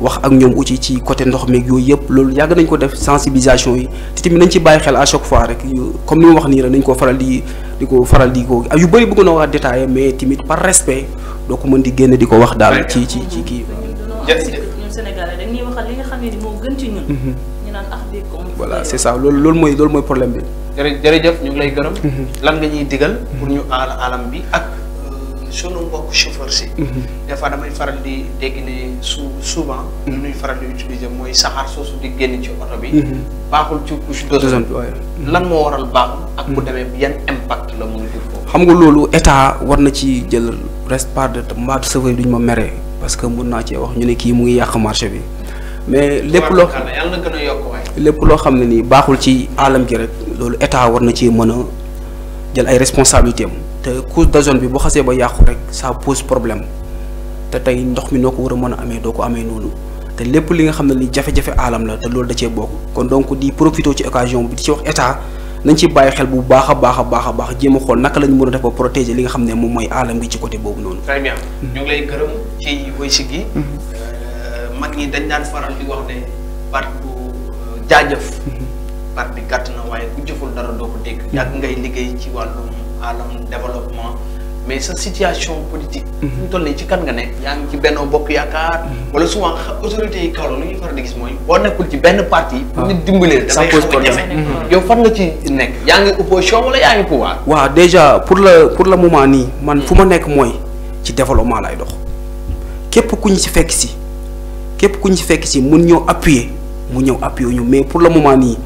Speaker 2: wax ak ñoom aussi ci côté ndox meeg yooyu yëpp loolu yàgg nañ ko def sensibilisation yi te tamit nañ ci bàyyi xel à chaque fois rek comme ni wax nii rek nañ ko faral di di ko faral di ko yu bëri bëgg na wax détaillé mais tamit par respect doo ko mën di génn di ko wax daal ci ci ci kii. voilà c'est ça loolu loolu mooy loolu mooy problème bi. jërëjëf ñu ngi lay gërëm. Mhm. lan nga ñuy digal. Mhm.
Speaker 1: pour ñu aal alam bi ak. sunu mbokk chauffeur si. Mhm. des fois damay faral di dégg ne sou souvent. Mhm. lu ñuy faral di utiliser mooy saxaar soosu di génn ci oto bi. Mhm. baaxul ci couche d'ozone lan moo waral baaxul. ak mu demee yan impact la mun a foofu.
Speaker 2: xam nga loolu état war na ci jël reste de mbaa chauffeur yi duñ ma mere parce que mun naa cee wax ñu ne kii mu yàq marché bi. mais lépp loo lépp loo xam ne nii baaxul ci aalam gi loolu état war na ci mën a jël ay responsabilités te couche d'ozone bi bu xasee ba yàqu rek ça pose problème te tey ndox mi noo ko war a mën a amee doo ko amee noonu te lépp li nga xam ne li jafe-jafe aalam la te loolu da cee bokk kon donc di profité ci occasion bi ci wax état nañ ci bàyyi bu baax a baax a baax a baax jéem xool naka la ñu mën a def ba li nga xam ne moom mooy aalam gi ci côté boobu noonu.
Speaker 1: très bien mm-hmm. ñu ngi lay gërëm yi. Mm-hmm. Euh, dañ daan faral di wax bu euh, jaajëf. Mm-hmm. dara doo ko dégg. yàgg ngay liggéey ci wàllu. wàllum développement mais sa situation politique. Mhm. fi mu toll nii ci kan nga ne yaa ngi ci Benno Bokk Yaakaar. Mhm. wala souvent autorités yi kaw la lu ñuy faral di gis mooy. nekkul ci benn parti. waaw ah. nit dimbalee dafay xaw a mhm. nga ci nekk. yaa ngi opposition wala yaa ngi pouvoir.
Speaker 2: waaw déjà pour le pour le moment nii man fu ma nekk mooy ci développement lay dox képp ku ñu si fekk si képp ku ñu si fekk si mun ñëw appuyer mu ñëw appuyer ñu mais pour le moment nii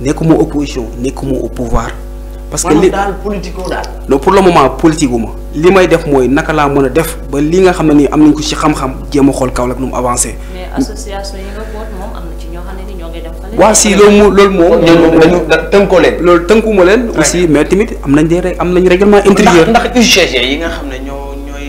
Speaker 2: nekkuma opposition nekkuma au pouvoir. parce que li daal politique daal. donc pour le moment politique wu ma li may def mooy naka laa mën a def ba li nga xam ne nii am nañ ko ci xam-xam jéem a xool Kaolack nu mu avancé.
Speaker 4: mais ci ñoo ñoo ngi
Speaker 2: si loolu moom loolu moom. ñoom dañu loolu tënkuma leen. aussi mais tamit am nañ des am nañ règlement intérieur.
Speaker 3: ndax
Speaker 1: ndax UGG nga xam ne ñoo ñooy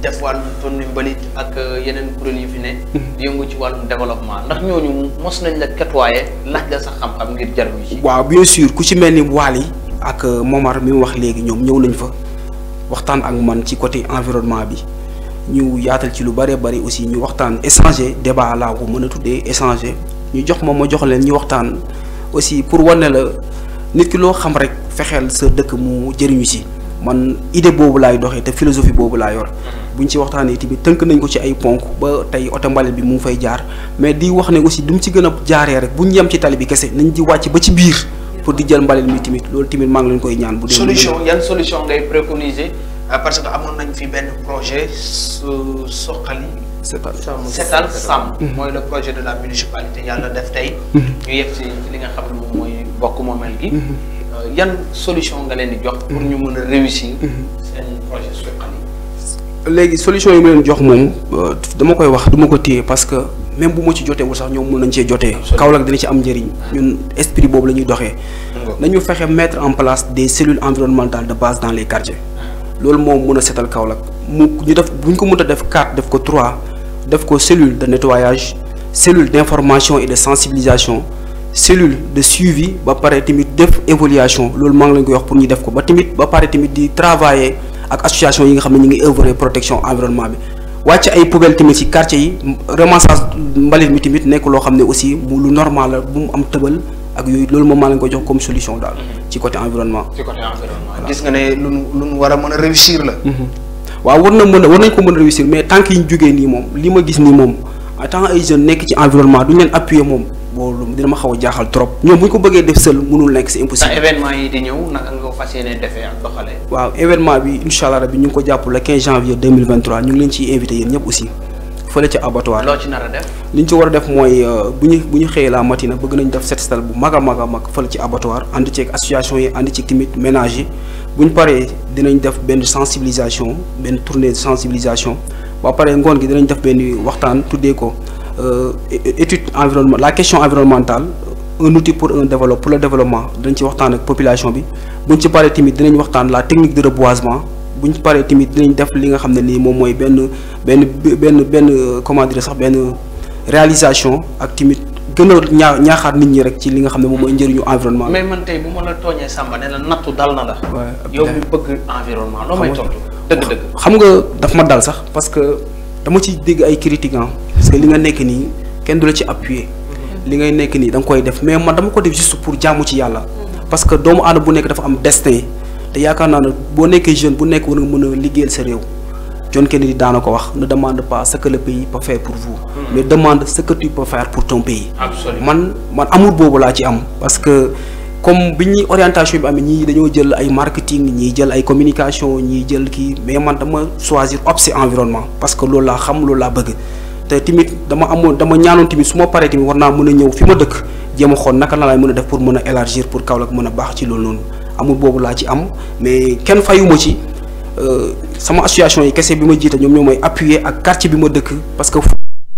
Speaker 1: def wàllu tonne mbalit ak euh, yeneen kuréel yu fi mhm. ci wàllum développement ndax ñooñu mos nañ la kettoyer laaj la
Speaker 2: sa xam-xam ngir jar wi waaw bien sûr ku ci mel ni waal yi ak euh, Momar mi wax léegi ñoom ñëw nañ fa waxtaan ak man ci côté environnement bi ñu yaatal ci lu bëree bëri aussi ñu waxtaan échanger débat laa ko mën a tuddee échanger ñu jox ma ma jox leen ñu waxtaan aussi pour wane la nit ki loo xam rek fexeel sa dëkk mu jëriñu ci man idée boobu laay doxee te philosophie boobu laa yor buñ ci waxtaanee tamit tënk nañ ko ci ay ponk ba tey oto mbalit bi mu ngi fay jaar mais di wax ne aussi du mu ci gën a jaaree rek buñ yem ci tali bi kese nañ di wàcc ba ci biir. pour di jël mbalit mi timit loolu timit maa ngi leen koy ñaan. bu dee solution
Speaker 1: yane solution ngay préconiser euh, parce que amon nañ fi benn projet su soqali. setal setal sàmm. Mhm. moy le projet de la municipalité yalla def tay mhm. ñu yegg si li nga xam ne moom mooy bokk moomeel gi. Mhm. Euh, yane solution nga leen jox. pour ñu mën réussir. sen projet soqali.
Speaker 2: léegi solution yu ma leen jox moom euh, dama koy wax duma ko téye parce que même bu mo ci wu sax ñoom mënañ ci joté kaolak dina ci am jëriñ ñun esprit bobu lañuy doxé nañu fexé mettre en place des cellules environnementales de base dans les quartiers lool moom mëna sétal kaolak mu ñu def buñ ko mënta def quatre def ko trois def ko cellule de nettoyage cellule d'information et de sensibilisation cellule de suivi ba paré timit def évaluation lool ma ngi lañ koy wax pour ñu def ko ba timit ba paré timit di travailler ak association yi nga xam ñi ñu ngi œuvrer protection environnement bi wàcc ay poubelle tamit ci quartier yi ramassage mbalit mi tamit nekk loo xam ne aussi mu lu normal la bu mu am tëbal ak yooyu loolu ma maa leen ko jox comme solution daal. Mhm. ci côté environnement. ci côté environnement gis nga la. Mhm. waaw war na mën a war nañ ko mën a réussir mais tant yi ñu nii moom li ma gis nii moom. tant ay jeune nek ci environnement duñ len appuyer mom bo lu dina ma xaw a jaaxal trop ñom buñ ko bëgge def seul mënul nek c'est impossible. événement
Speaker 1: yi di ñëw nak nga ko fas yéene defee ak doxalee.
Speaker 2: waaw événement bi inshallah rabbi ñu ko japp le 15 janvier 2023 ñu ngi leen ci inviter yeen ñep aussi fële ci abattoir. lo ci nara def. liñ ci wara def moy euh, buñu buñu bu ñu xëyee la matina bëgg nañ def set setal bu maga maga mag a ci abattoir and ci association yi and ci tamit ménager yi paré dinañ def ben sensibilisation ben tournée de sensibilisation ba pare ngoon gi def benn waxtaan tuddee ko euh, étude environnement la question environnementale un outil pour un développement pour le développement dinañ ci waxtan ak population bi buñ ci paree tamit dinañ waxtan la technique de reboisement buñ ci paree tamit dinañ def li nga xamné ni mom moy mooy benn benn benn comment dire sax benn réalisation ak tamit gën a ñaa ñaaxaat nit ñi rek ci li nga xamné mom moy ñëriñu environnement mais
Speaker 1: man tay bu ma la tooñee Samba ne la nattu dal na la. yow mi bëgg
Speaker 3: environnement
Speaker 2: loo may tontu xam nga daf ma parce que dama ci critiques hein. parce que li nga ci appuyer. li mais dama ko juste pour jaamu ci parce que doomu un bu destin. ne jeune bu nga John Kennedy ne demande pas ce que le pays peut faire pour vous. mais demande ce que tu peux faire pour ton pays. man man amour am parce que comme orientation bi marketing des jël communication jël mais man dama choisir environnement parce que lool la xam lool la bëgg té timit dama dama ñaanon suma paré warna mëna ñëw fi ma dëkk pour élargir pour mëna bax ci lool non amul ci am mais ken fayuma ci euh, sama association yi ma appuyer ak quartier bi parce que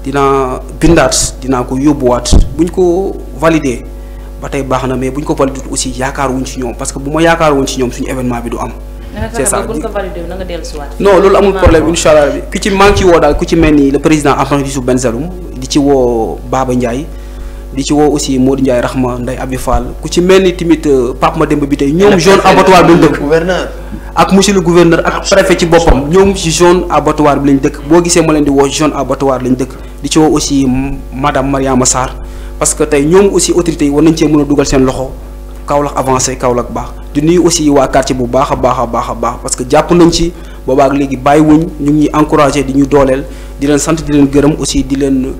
Speaker 2: dinaa bindaat dinaa ko yóbbuwaat buñ ko valider ba tey baax na mais buñ ko valider aussi yaakaar wuñ ci ñoom parce que bu ma yaakaar wuñ ci ñoom suñu événement bi du am.
Speaker 5: c'est ça buñ ko
Speaker 4: valider na loolu amul problème
Speaker 2: incha bi ku ci maa ngi ci woo daal ku ci mel ni le président Antoine Youssou Bengelloune di ci woo Baba Ndiaye. di ci woo aussi Modou Ndiaye Rahma Ndeye Abi Fall ku ci mel ni tamit euh, Pape Mademba bi tey ñoom zone abattoir bi lañ dëkk ak monsieur le gouverneur ak préfet ci boppam ñoom ci zone boo gisee ma leen di woo zone abattoir lañ dëkk di ci Madam aussi madame mariama sarr parce que tey ñoom aussi autorités yi nañ cee mën a dugal seen loxo kaolax avancé kaolax baax di nuyu aussi quartier bu baax a baax baax parce que jàpp nañ ci boobaak léegi bàyyi wuñ ñu ngi encouragé di ñu dooleel di leen sant di leen gërëm aussi di leen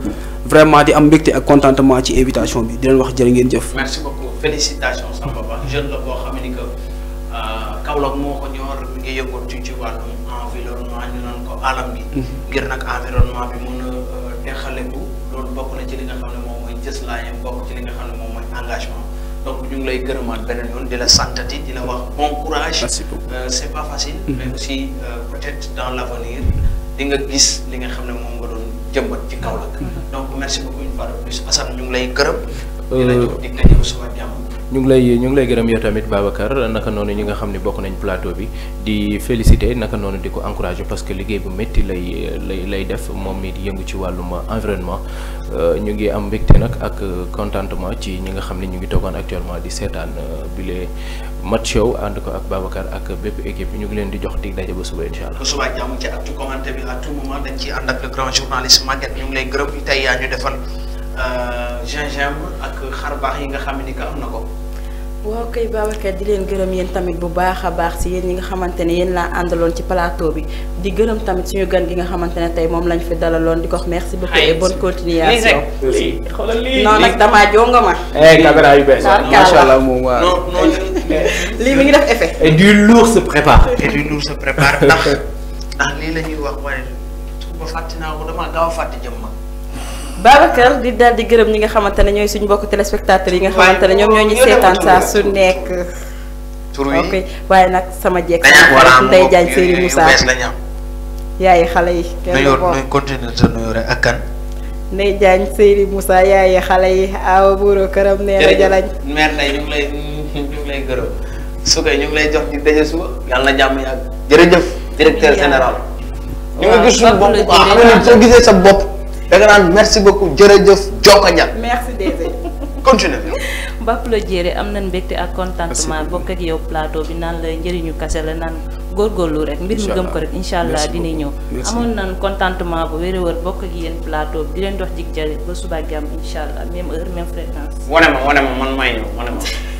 Speaker 2: vraiment di am mbégte ak contentement ci invitation bi di leen wax jërë ngeen jëf merci beaucoup
Speaker 1: félicitations sama papa jeune la boo xam euh, ñor ngi yëngoon ci ci environnement ñu ko alam bi mhm. ngir nag environnement bi mën xaleku loolu bokk na ci li nga xam ne moom mooy jëslaayam bokk ci li nga xam ne moom mooy engagement donc ñu ngi lay gërëm gërëmaat beneen yoon di la santati di la wax bon courage. merci beaucoup euh, c'est pas facile. Mm-hmm. mais aussi euh, peut-être dans l'avenir di nga gis li nga xam ne moom nga doon jëmbat ci Kaolack. Mm-hmm. donc merci beaucoup une fois de plus
Speaker 3: Assane ñu ngi lay gërëm. Euh, di la jox dig
Speaker 1: daje bu suba jàmm.
Speaker 3: ñu ngi lay ñu ngi lay gërëm yow tamit Babacar naka noonu ñi nga xam ne bokk nañ plateau bi di félicité naka noonu di ko encourager parce que liggéey bu métti lay lay lay def moom mi di yëngu ci wàllum environnement euh, ñu ngi am mbégte nag ak contentement ci ñi nga xam ne ñu ngi toogoon actuellement di seetaan euh, bile match show ànd ko ak Babacar ak bépp équipe ñu ngi leen di jox di daje ba suba incha allah. ba suba
Speaker 1: jàmm ci actu commenté bi à tout moment dañ ciy ànd ak le grand journaliste Maguette lay gërëm tey yaa ñu defal. Euh, gingembre ak xar baax yi nga xam ni que na ko.
Speaker 5: waaw kay Babacar di leen gërëm yéen tamit bu baax a baax si yéen ñi nga xamante ne yéen laa àndaloon ci plateau bi di gërëm tamit suñu gan gi nga xamante ne tey moom lañu fi dalaloon di ko merci beaucoup et bonne continuation. lii rek non nag damaa jonga ma. Eh, caméra yu bees macha allah
Speaker 2: moom waaw lii mi ngi def effet. et du lourd prépare. et du lourd prépare ndax
Speaker 1: ndax lii la wax mooy su ma fàtte naa ko damaa a fàtte jëm ma.
Speaker 5: Babakal di daal di gërëm ñi nga xamante ne ñooy suñu mbokk téléspectateurs yi nga xamante ne su nekk. ok sama jek, dañoo war a Moussa yaayi xale yi. kenn
Speaker 1: continuer sa nuyu rek ak kan.
Speaker 5: Ndeye Diagne Moussa yaayi xale yi awa buuro këram nee jalañ.
Speaker 1: mère Ndeye ñu lay ñu lay gërëm ñu lay jox di jërëjëf directeur général. ñu ah, sa da naan merci beaucoup jërëjëf jokka ña.
Speaker 4: merci DG. continue. Baflo Diéré am na mbégte ak contentement bokk ak yow plateau bi naan la njëriñu kase la naan góorgóorlu rek. mbir mi gëm ko rek incha allah dina ñëw. amoon nañ contentement bu wér a bokk ak yéen plateau bi di leen dox jig jëriñ ba suba ak jàmm allah même heure même fréquence. wane ma wane ma man maa ñëw
Speaker 1: wane ma.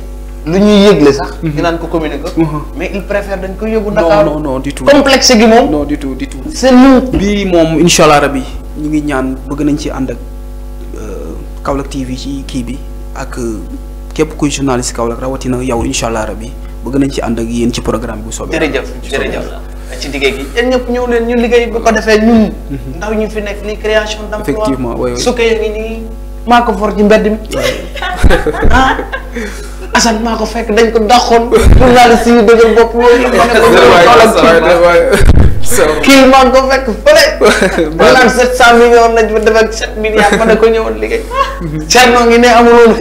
Speaker 1: lu
Speaker 2: ñuy yëgle sax. Mhm. ñu naan ko communiqué. Mhm.
Speaker 1: mais il préfère dañ ko yóbbu. Dakar non non
Speaker 2: du tout complexe gi moom. non du tout du tout. c'est nous. ñu ngi ñaan bëgg nañ ci ànd ak euh, Kaolack TV ci kii bi ak euh, képp kuy kaw la rawatina yow incha allah rabi bëgg nañ ci ànd ak yéen ci programme bu soobee. jërëjëf jërëjëf
Speaker 1: ci liggéey gi yéen ñëpp ñëw leen ñu liggéey bu ko defee ñun. Mhm. ndaw ñu fi nekk li création d'emploi. effectivement waay waay su ko yëngi nii maa ko for ci Assane maa ko fekk
Speaker 2: dañ ko daxoon journaliste yu dëgër bopp loolu ma ne ko kii
Speaker 3: maa
Speaker 1: ko fekk fële
Speaker 2: mu naan sept cent
Speaker 1: millions nañ mi defal sept milliards ma ne ko ñëwoon liggéey mhm. Thierno ngi ne amuloon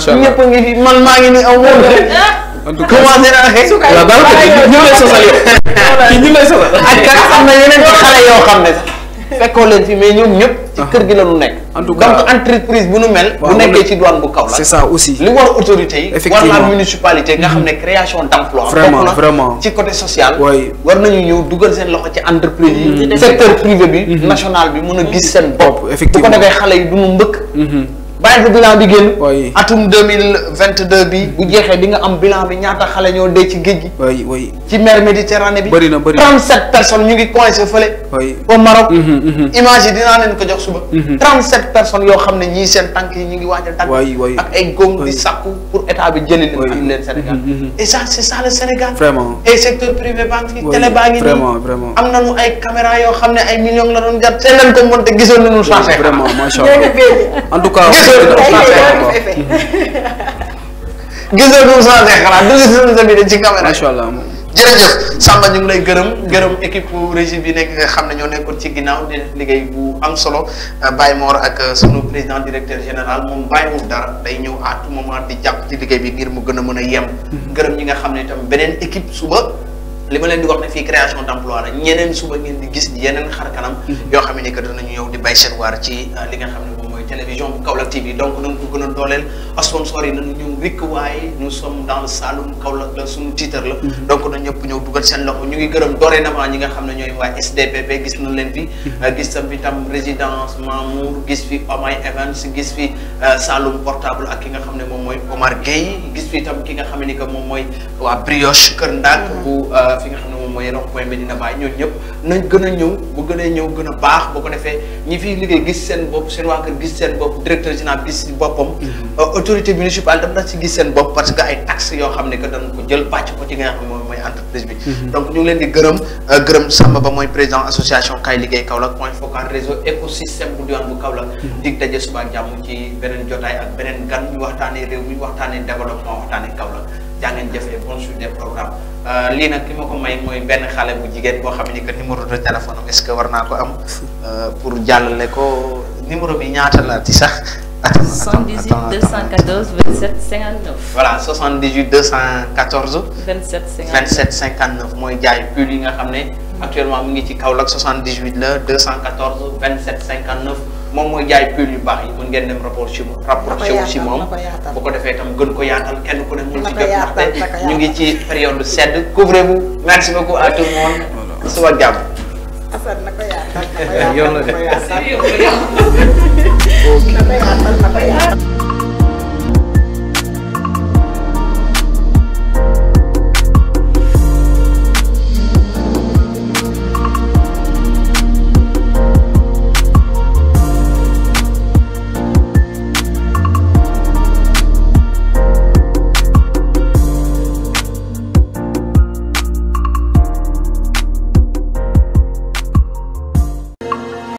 Speaker 1: xëy ñëpp a fi man maa ngi ne amuloon xëy ah. en tout cas commencé naa xëy waaw daal ñu lay sosal yow
Speaker 5: ñu lay sosal ak kat am na yeneen xale yoo xam
Speaker 1: ne sax fekkoo leen fi mais ñoom ñëpp. ci kër gi la ñu nekk. en tout cas donc entreprise bu nu mel. bu nekkee ci douane bu kaw la. c'est ça aussi mhm. ci côté war nañu ñëw dugal seen loxo ci entreprise yi. Mhm. secteur privé bi. Mhm. national bi mën a gis seen bopp. effectivement bu ko defee xale yi du ñu mbëkk. bàyyi fa bilan bi génn. atum bi bu jeexee di nga am bilan bi ñaata xale ñoo dee ci géej gi. waay waay ci mer Méditerranée bi. bëri na bëri na trente sept personnes ñu ngi coincé fële.
Speaker 2: au Maroc. Mhm, mhm. image yi dinaa
Speaker 1: leen ko jox suba. Mhm. trente sept personnes yoo xam ne ñii seen tànk yi ñu ngi waaj a tànk. ak ay góom di sàkku pour état bi jëli leen. am leen Sénégal. et ça c' est ça Sénégal. vraiment secteur privé baa ngi nii am nañu ay caméra yoo xam ne ay millions la doon jar. seen
Speaker 2: nañ gisee bu mu
Speaker 4: changé xalaat du
Speaker 1: gis ci caméra. macha allah jërëjëf Samba ñu ngi lay gërëm gërëm équipe régie bi nekk nga xam ne ñoo nekkoon ci ginnaaw di liggéey bu am solo Baye Mor ak sunu président directeur général moom bàyyiwul dara day ñëw at tout moment di jàpp ci liggéey bi ngir mu gën a mën a yem. gërëm ñi nga xam ne itam beneen équipe suba. li ma leen di wax ne fii création d'emploi la ñeneen suba ngeen di gis yeneen xar kanam. yoo xam ne que danañu yow di bay ci li nga xam télévision bu Kaolack TV donc nañ ko gën a dooleel sponsor yi nañ ñu wikk waaye nous sommes dans le Saloum la suñu titre la mhm. donc nañ ñëpp ñëw dugal seen loxo ñu ngi gërëm dorénavant ñi nga xam ne ñooy waa SDPP gis nañ leen fi mhm. gis tam fi tam résidence Mamour gis fi Omay Evans gis fi euh, Saloum portable ak ki nga xam ne moom mooy Omar Gueye gis fi tam ki nga xam ne ni que moom mooy waa Brioche Kër Ndak mhm. bu euh, fi nga xam ne mooy rond-point Medina Baye ñooñu ñëpp nañ gën a ñëw bu gënee ñëw gën a baax boo ko defee ñi fi liggéey gis seen bopp seen waa kër gis seen bopp directeur général gis si boppam mm-hmm. euh, autorité municipale daf na si gis seen bopp parce que ay taxes yoo xam ne que dañ ko jël pàcc ko ci nga xam mooy entreprise bi mm-hmm. donc ñu leen di gërëm euh, gërëm Samba Ba mooy président association Kaay Liggéey Kaolack point focal réseau écosystème bu diwaan bu Kaolack mm-hmm. dig daje suba ñu waxtaanee réew mi waxtaanee développement waxtaanee Kaolack jaa ngeen jëfee bon jour des programmes euh, lii nag ki ma ko may mooy benn xale bu jigéen boo xam ni que numéro de téléphone am est-ce que war naa ko am euh, pour jàllale ko numéro bi ñaata la ci sax. attends 78
Speaker 4: 214 27 59.
Speaker 1: voilà 78 214.
Speaker 5: 27 59 27
Speaker 1: 59 mooy jaay pull yi nga xam ne. actuellement mu ngi ci Kaolack 78 la 214 27 59. moom mooy jaay pull yu baax yi mën ngeen dem rapport ci moom rapproché wu ci moom bu ko defee itam gën ko yaatal kenn ko ne mun ci jot ndaxte ñu ngi ci période sedd couvrez-vous merci beaucoup à tout le monde suba jàmm Assane na ko yaatal na ko yaatal na ko yaatal